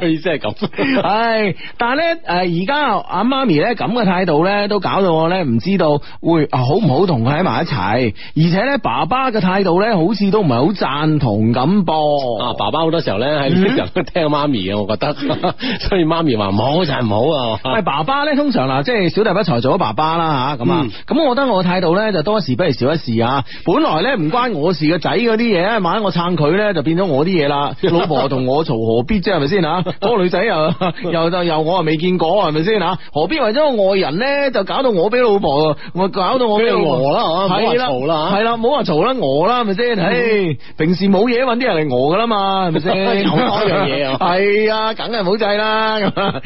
Speaker 1: 佢 意思係咁。唉， 但係咧，誒而家阿媽咪咧咁嘅態度咧，都搞到我咧唔知道會好唔好同佢喺埋一齊。而且咧，爸爸嘅態度咧，好似都唔係好贊同咁噃。啊，爸爸好多時候咧喺呢啲時候聽媽咪嘅，我覺得。嗯、所以媽咪話唔好就係唔好。啊。但係爸爸咧，通常嗱，即係。小弟不才做咗爸爸啦吓，咁、嗯、啊，咁我覺得我嘅態度咧就多一事不如少一事啊。本來咧唔關我事嘅仔嗰啲嘢，萬一我撐佢咧，就變咗我啲嘢啦。 老婆同我嘈何必啫？係咪先吓？個女仔又又又我啊未見過係咪先吓？何必為咗個外人咧就搞到我俾老婆，我搞到我俾餓啦，吓，唔好話嘈啦，係啦，唔好話嘈啦，我啦，係咪先？平時冇嘢揾啲人嚟我噶啦嘛，係咪先？有嗰樣嘢啊，係啊，梗係唔好制啦。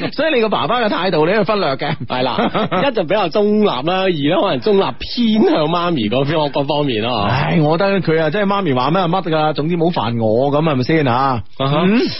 Speaker 1: 所以你個爸爸嘅態度你要忽略嘅，係啦。 一 就比較中立啦，二咧可能中立偏向媽咪嗰方方面咯。唉，我覺得佢啊，即係媽咪話咩乜噶，總之唔好煩我咁係咪先吓？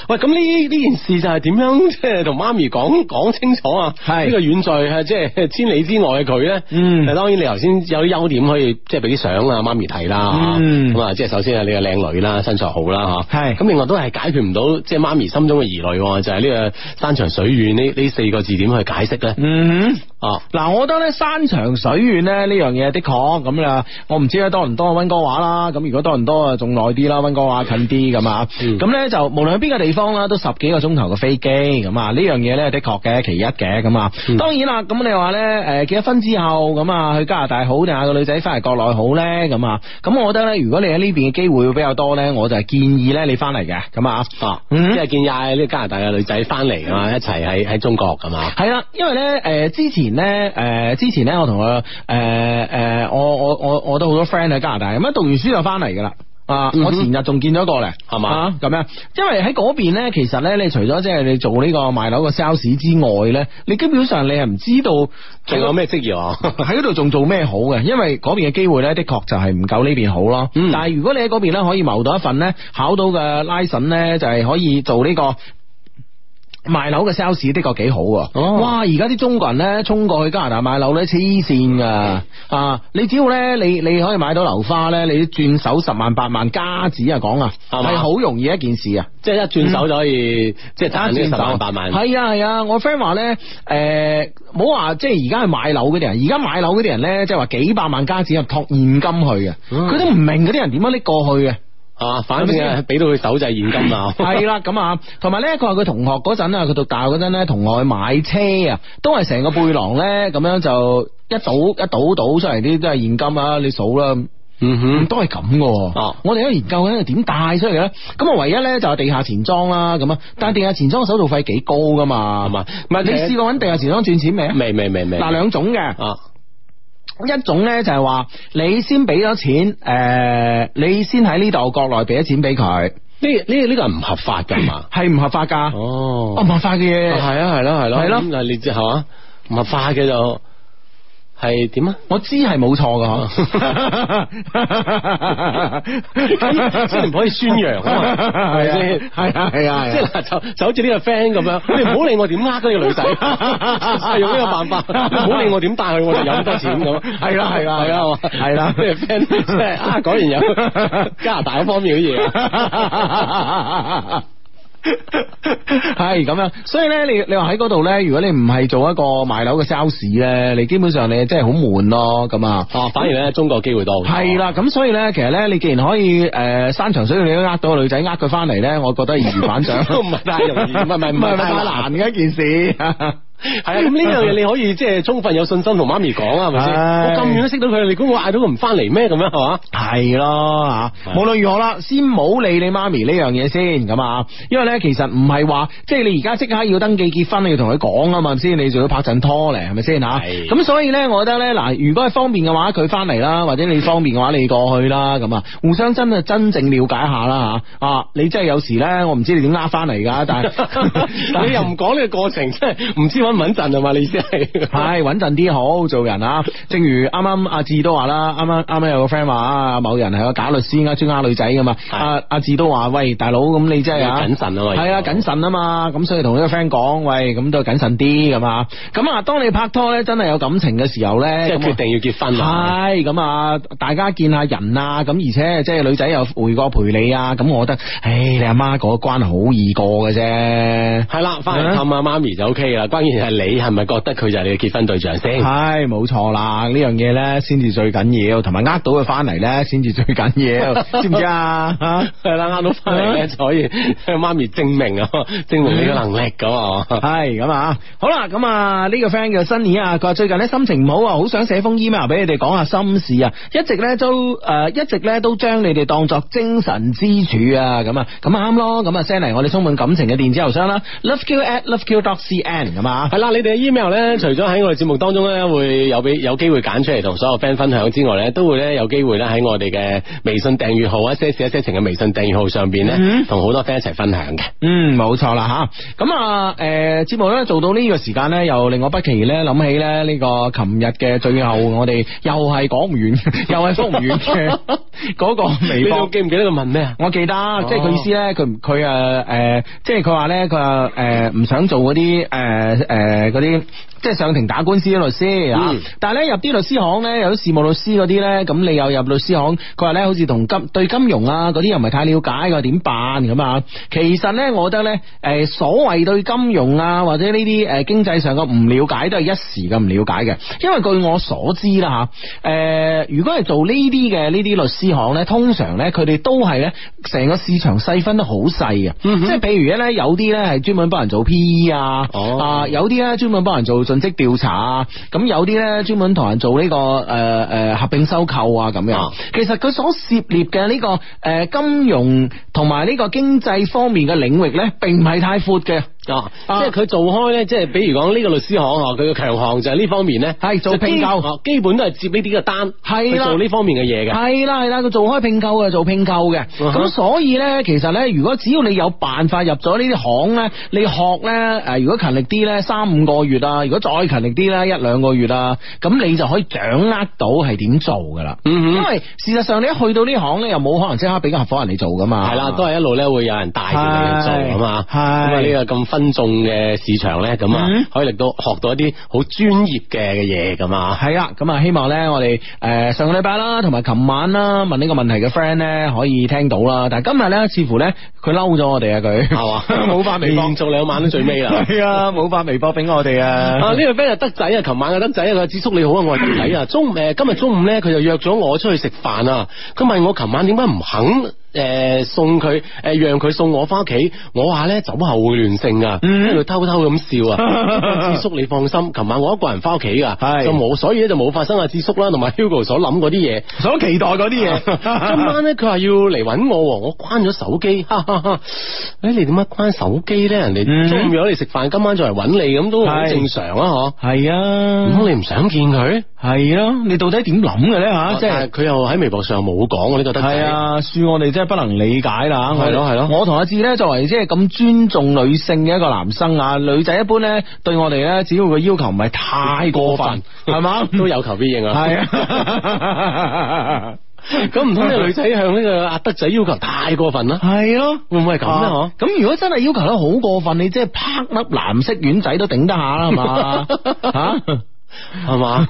Speaker 1: 喂，咁呢呢件事就係點樣即係同媽咪講講清楚啊？呢、呢個遠在即係千里之外嘅佢咧。嗯，當然你頭先有啲優點可以即係俾啲相啊媽咪睇啦。嗯，咁啊，即係首先啊你個靚女啦，身材好啦吓。係咁、啊，另外都係解決唔到即係媽咪心中嘅疑慮，就係、係、呢個山長水遠呢呢四個字點去解釋咧？嗯。嗱、啊啊，我覺得咧山長水遠咧呢樣嘢的確，咁啊，我唔知咧多唔多溫哥華啦，咁如果多倫多啊，仲耐啲啦，溫哥華近啲咁啊，咁、嗯、咧就無論喺邊個地方啦，都十幾個鐘頭嘅飛機咁啊，呢樣嘢咧的確嘅，其一嘅咁啊，當然啦，咁你話咧誒結咗婚之後咁啊去加拿大好定係個女仔翻嚟國內好咧咁啊，咁我覺得咧如果你喺呢邊嘅機會會比較多咧，我就係建議咧你翻嚟嘅咁啊，嗯、即係建議呢加拿大嘅女仔翻嚟啊一齊喺喺中國咁啊。係啦、嗯，因為咧誒、呃、之前。咧誒，之前呢，我同佢，誒誒，我我我我都好多 friend 喺加拿大咁啊，讀完書就翻嚟噶啦。我前日仲見咗一個咧，係嘛咁樣？因為喺嗰邊呢，其實呢，你除咗即係你做呢個賣樓個 sales 之外呢，你基本上你係唔知道仲有咩職業喺嗰度仲做咩好嘅？因為嗰邊嘅機會呢，的確就係唔夠呢邊好咯。但係如果你喺嗰邊呢，可以謀到一份呢，考到嘅 license 呢就係可以做呢個。賣樓嘅 sales 的確幾好的，oh. 哇！而家啲中國人咧衝過去加拿大買樓咧黐線噶，okay. 啊！你只要咧你你可以買到樓花咧，你轉手十萬八萬加紙啊講啊，係咪？係好容易一件事啊，即係一轉手就可以即係賺啲十萬八萬。係啊係啊，我 friend 話咧，誒、呃，唔好話即係而家係買樓嗰啲人，而家買樓嗰啲人咧即係話幾百萬加紙啊，托現金去嘅，佢、嗯、都唔明嗰啲人點樣拎過去嘅。啊，反正啊，俾到佢手就係現金啦。係 啦，咁啊，同埋咧，佢話佢同學嗰陣啊，佢讀大學嗰陣咧，同學去買車啊，都係成個背囊咧，咁樣就一倒一倒倒出嚟啲都係現金啊，你數啦。嗯哼，都係咁噶。哦、啊，我哋喺研究咧，點帶出嚟咧？咁啊，唯一咧就係地下錢莊啦。咁啊，但係地下錢莊嘅手續費幾高噶嘛？係、嗯、嘛？唔係你試過揾地下錢莊轉錢未？未未未未。嗱，兩種嘅。啊。一種咧就係話、呃，你先俾咗錢，誒，你先喺呢度國內俾咗錢俾佢，呢呢呢個係唔合法噶嘛？係唔合法噶？哦，唔、啊、合法嘅嘢，係啊係咯係咯，係咯，咁你即係唔合法嘅就。係點啊？我知係冇錯噶，即係唔可以宣揚 啊？係咪啊，係啊係啊，即係嗱，就就好似呢個 friend 咁樣，
Speaker 2: 你唔好理我點呃呢個女仔用呢個辦法，唔好理我點
Speaker 1: 帶佢。我就有咁多錢咁。係啦係啦係啦，係啦、啊，呢個 friend 即係果然有加拿大方面嘅嘢。 係 咁樣，所以咧，你你話喺嗰度咧，如果你唔係做一個賣樓嘅 sales 咧，你基本上你真係好悶咯，咁啊，哦，反而咧中國機會多、多，係啦，咁所以咧，其實咧，你既然可以誒山長水遠都呃到個女仔，呃佢翻嚟咧，我覺得易如反掌，都唔係太容易，唔係唔係唔係太難嘅一件事。
Speaker 2: 係啊，咁呢樣嘢，你可
Speaker 1: 以即係充分有信心同媽咪講啊，係咪先？我咁遠都識到佢，你估我嗌到佢唔翻嚟咩？咁樣係嘛？係咯，啊啊，無論如何啦，先冇理你媽咪呢樣嘢先，咁啊，因為咧，其實唔係話即係你而家即刻要登記結婚，你要同佢講啊嘛，先，你仲要拍陣拖嚟，係咪先吓？咁、啊、所以咧，我覺得咧，嗱，如果係方便嘅話，佢翻嚟啦，或者你方便嘅話，你過去啦，咁啊，互相真係真正了解下啦，啊，你真係有時咧，我唔知你點呃翻嚟噶，但係 你又唔講呢個過程，即係唔知穩陣啊嘛，你意思係係穩陣啲好做人啊。 正如啱啱阿志都話啦，啱啱啱啱有個 friend 話啊，某人係個假律師啊，專呃女仔噶嘛。阿阿志都話喂，大佬咁你真係謹慎啊，係啊謹慎啊嘛。咁所以同呢個 friend 講喂，咁都要謹慎啲咁啊。咁啊，當你拍拖咧，真係有感情嘅時候咧，即係決定要結婚係咁啊。大家見下人啊，咁而且即係女仔又回過陪你啊。咁我覺得，唉，你阿媽嗰關好易過嘅啫。係啦，翻去氹下媽咪就 OK 啦。關鍵你係咪覺得佢就係你嘅結婚對象先？係冇錯啦，呢樣嘢咧先至最緊要，同埋呃到佢翻嚟咧先至最緊要，知唔知啊？係啦，呃到翻嚟咧就可以媽咪證明啊，證明你嘅能力咁啊，係咁啊。好啦，咁啊呢個 friend 嘅新年，佢話最近咧心情唔好，好想寫封 email 俾你哋講下心事啊。一直咧都誒，一直咧都將你哋當作精神支柱啊。咁啊咁啱咯，咁 send 嚟我哋充滿感情嘅電子郵箱啦，loveq at loveq dot cn 咁啊。係啦，你哋嘅 email 咧，除咗喺我哋節目當中咧會有俾有機會揀出嚟同所有 friend 分享之外咧，都會咧有機會咧喺我哋嘅微信訂閱號一些事一些情嘅微信訂閱號上邊咧，同好多 friend 一齊分享嘅。嗯，冇錯啦，吓咁啊，誒，節、呃、目咧做到呢個時間咧，又令我不期咧諗起咧呢、這個琴日嘅最後，我哋又係講唔完， 又係覆唔完嗰個， 個微博。你記唔記得佢問咩啊？我記得，哦、即係佢意思咧，佢佢啊誒，即係佢話咧，佢誒唔想做嗰啲誒。呃呃誒，嗰啲。即係上庭打官司嘅律師，嗯，但係咧入啲律師行咧，有啲事務律師嗰啲咧，咁你又入律師行，佢話咧好似同金對金融啊嗰啲又唔係太了解，佢話點辦咁啊？其實咧，我覺得咧，誒，所謂對金融啊或者呢啲誒經濟上嘅唔了解，都係一時嘅唔了解嘅。因為據我所知啦吓，誒，如果係做呢啲嘅呢啲律師行咧，通常咧佢哋都係咧成個市場細分得好細嘅，即，嗯，係譬如咧有啲咧係專門幫人做 PE 啊，哦，啊有啲咧專門幫人做。即調查啊，咁有啲呢專門同人做呢個誒誒合併收購啊咁樣，其實佢所涉獵嘅呢個誒金融同埋呢個經濟方面嘅領域呢，並唔係太闊嘅。哦，即係佢做開咧，即係比如講呢個律師行，佢嘅強項就係呢方面咧，係做併購，哦，基本都係接呢啲嘅單，係啦，做呢方面嘅嘢嘅，係啦係啦，佢做開併購嘅，做併購嘅，咁所以咧，其實咧，如果只要你有辦法入咗呢啲行咧，你學咧，誒，如果勤力啲咧，三五個月啦，如果再勤力啲咧，一兩個月啦，咁你就可以掌握到係點做噶啦，嗯，因為事實上你一去到呢行咧，又冇可能即刻俾個合夥人你做噶嘛，係啦，都係一路咧會有人帶住你去做啊嘛，係咁啊呢個咁。分眾嘅市場咧，咁啊可以令到學到一啲好專業嘅嘅嘢，咁啊，係、嗯、啊，咁啊希望咧，我哋誒上個禮拜啦，同埋琴晚啦，問呢個問題嘅 friend 咧可以聽到啦。但係今日咧，似乎咧佢嬲咗我哋啊，佢係嘛冇發微博，連續兩晚都最尾啦，係、嗯、啊，冇發微博俾我哋 啊。呢、這個 friend 啊，得仔啊，琴晚啊，得仔啊，子叔你好啊，我係得仔啊。中、嗯、誒今日中午咧，佢就約咗我出去食飯啊。佢問我琴晚點解唔肯？誒、呃，送佢誒、呃，讓佢送我翻屋企。我話咧，酒後亂性啊，喺、嗯、度偷偷咁笑啊。智 叔你放心，琴晚我一個人翻屋企噶，就冇，所以咧就冇發生阿智叔啦，同埋 Hugo 所諗嗰啲嘢，所期待嗰啲嘢。 今晚咧，佢話要嚟搵我，我關咗手機。哎、欸，你點解關手機咧？人哋中午約你食飯，今晚再嚟搵你咁都好正常啊，嗬？係啊，唔通你唔想見佢？係啊，你到底點諗嘅咧？吓、啊，即係佢又喺微博上冇講我呢個，係啊，恕我哋啫、就是。不能理解啦，係咯，係咯。我同阿志咧，作為即係咁尊重女性嘅一個男生啊，女仔一般咧對我哋咧，只要個要求唔係太過分，係嘛？ 都有求必應啊。係啊，
Speaker 2: 咁唔通呢個女仔向呢個阿德
Speaker 1: 仔要求太過分啦？係咯，會唔會係咁咧？嗬、啊，咁如果真係要求得好過分，啊、你即係啪粒藍色丸仔都頂得下啦嘛？吓 是吧，係嘛？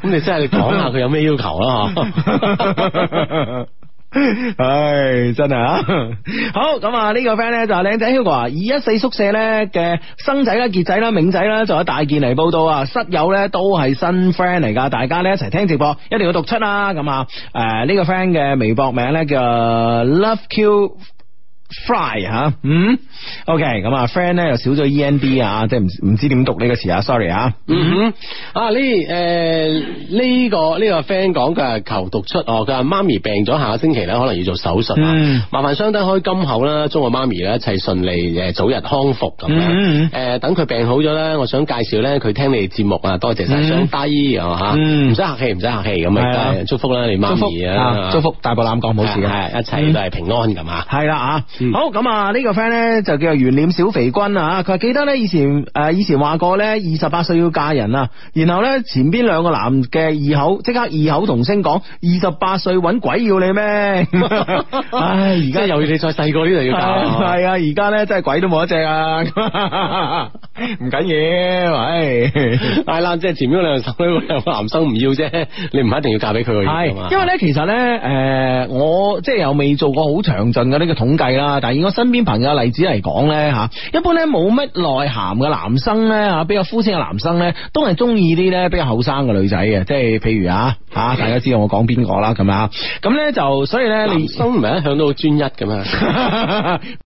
Speaker 1: 咁你即係你講下佢有咩要求啦？嗬。
Speaker 3: 唉，真係啊！
Speaker 1: 好咁啊，呢個 friend 咧就係靚仔 Hugo 啊，二一四宿舍咧嘅生仔啦、傑仔啦、明仔啦，就有大件嚟報道啊！室友咧都係新 friend 嚟噶，大家咧一齊聽直播，一定要讀出啦！咁啊，誒呢個 friend 嘅微博名咧叫 Love Q。Fly 吓、嗯，嗯，OK，咁啊，friend 咧又少咗 E N D 啊，即係唔唔知點讀呢個詞啊，sorry 啊嗯哼，啊呢誒呢個呢、呢個 friend 講嘅求讀出哦，佢話媽咪病咗，下個星期咧可能要做手術，嗯，麻煩雙德開金口啦，祝我媽咪咧一齊順利誒早日康復咁樣，誒、嗯呃、等佢病好咗咧，我想介紹咧佢聽你哋節目啊，多謝晒、嗯，想低啊吓，唔、哦、使、嗯、客氣唔使客氣咁啊、嗯，祝福啦你媽咪啊，祝福大步檻過冇事，係、啊、一切都係平安咁、嗯、啊，係啦啊。嗯、好咁啊！呢個 friend 咧就叫做圓臉小肥君啊，佢話記得咧以前誒，以前話過咧二十八歲要嫁人啊，然後咧前邊兩個男嘅異口即刻異口同聲講二十八歲搵鬼要你咩？唉、 哎，而家又要你再細個呢度要嫁，係啊，而家咧真係鬼都冇一隻啊，唔 緊要，喂、哎，係 啦、啊，即、就、係、是、前面兩個手尾兩個男生唔要啫，你唔係一定要嫁俾佢嘅，係因為咧其實咧誒、呃，我即係又未做過好詳盡嘅呢個統計啦。啊！但係以我身邊朋友例子嚟講咧，吓一般咧冇乜內涵嘅男生咧，吓比較膚淺嘅男生咧，都係中意啲咧比較後生嘅女仔嘅，即係譬如啊，吓大家知道我講邊個啦咁啊！咁咧就所以咧，你心唔係一向都好專一咁樣。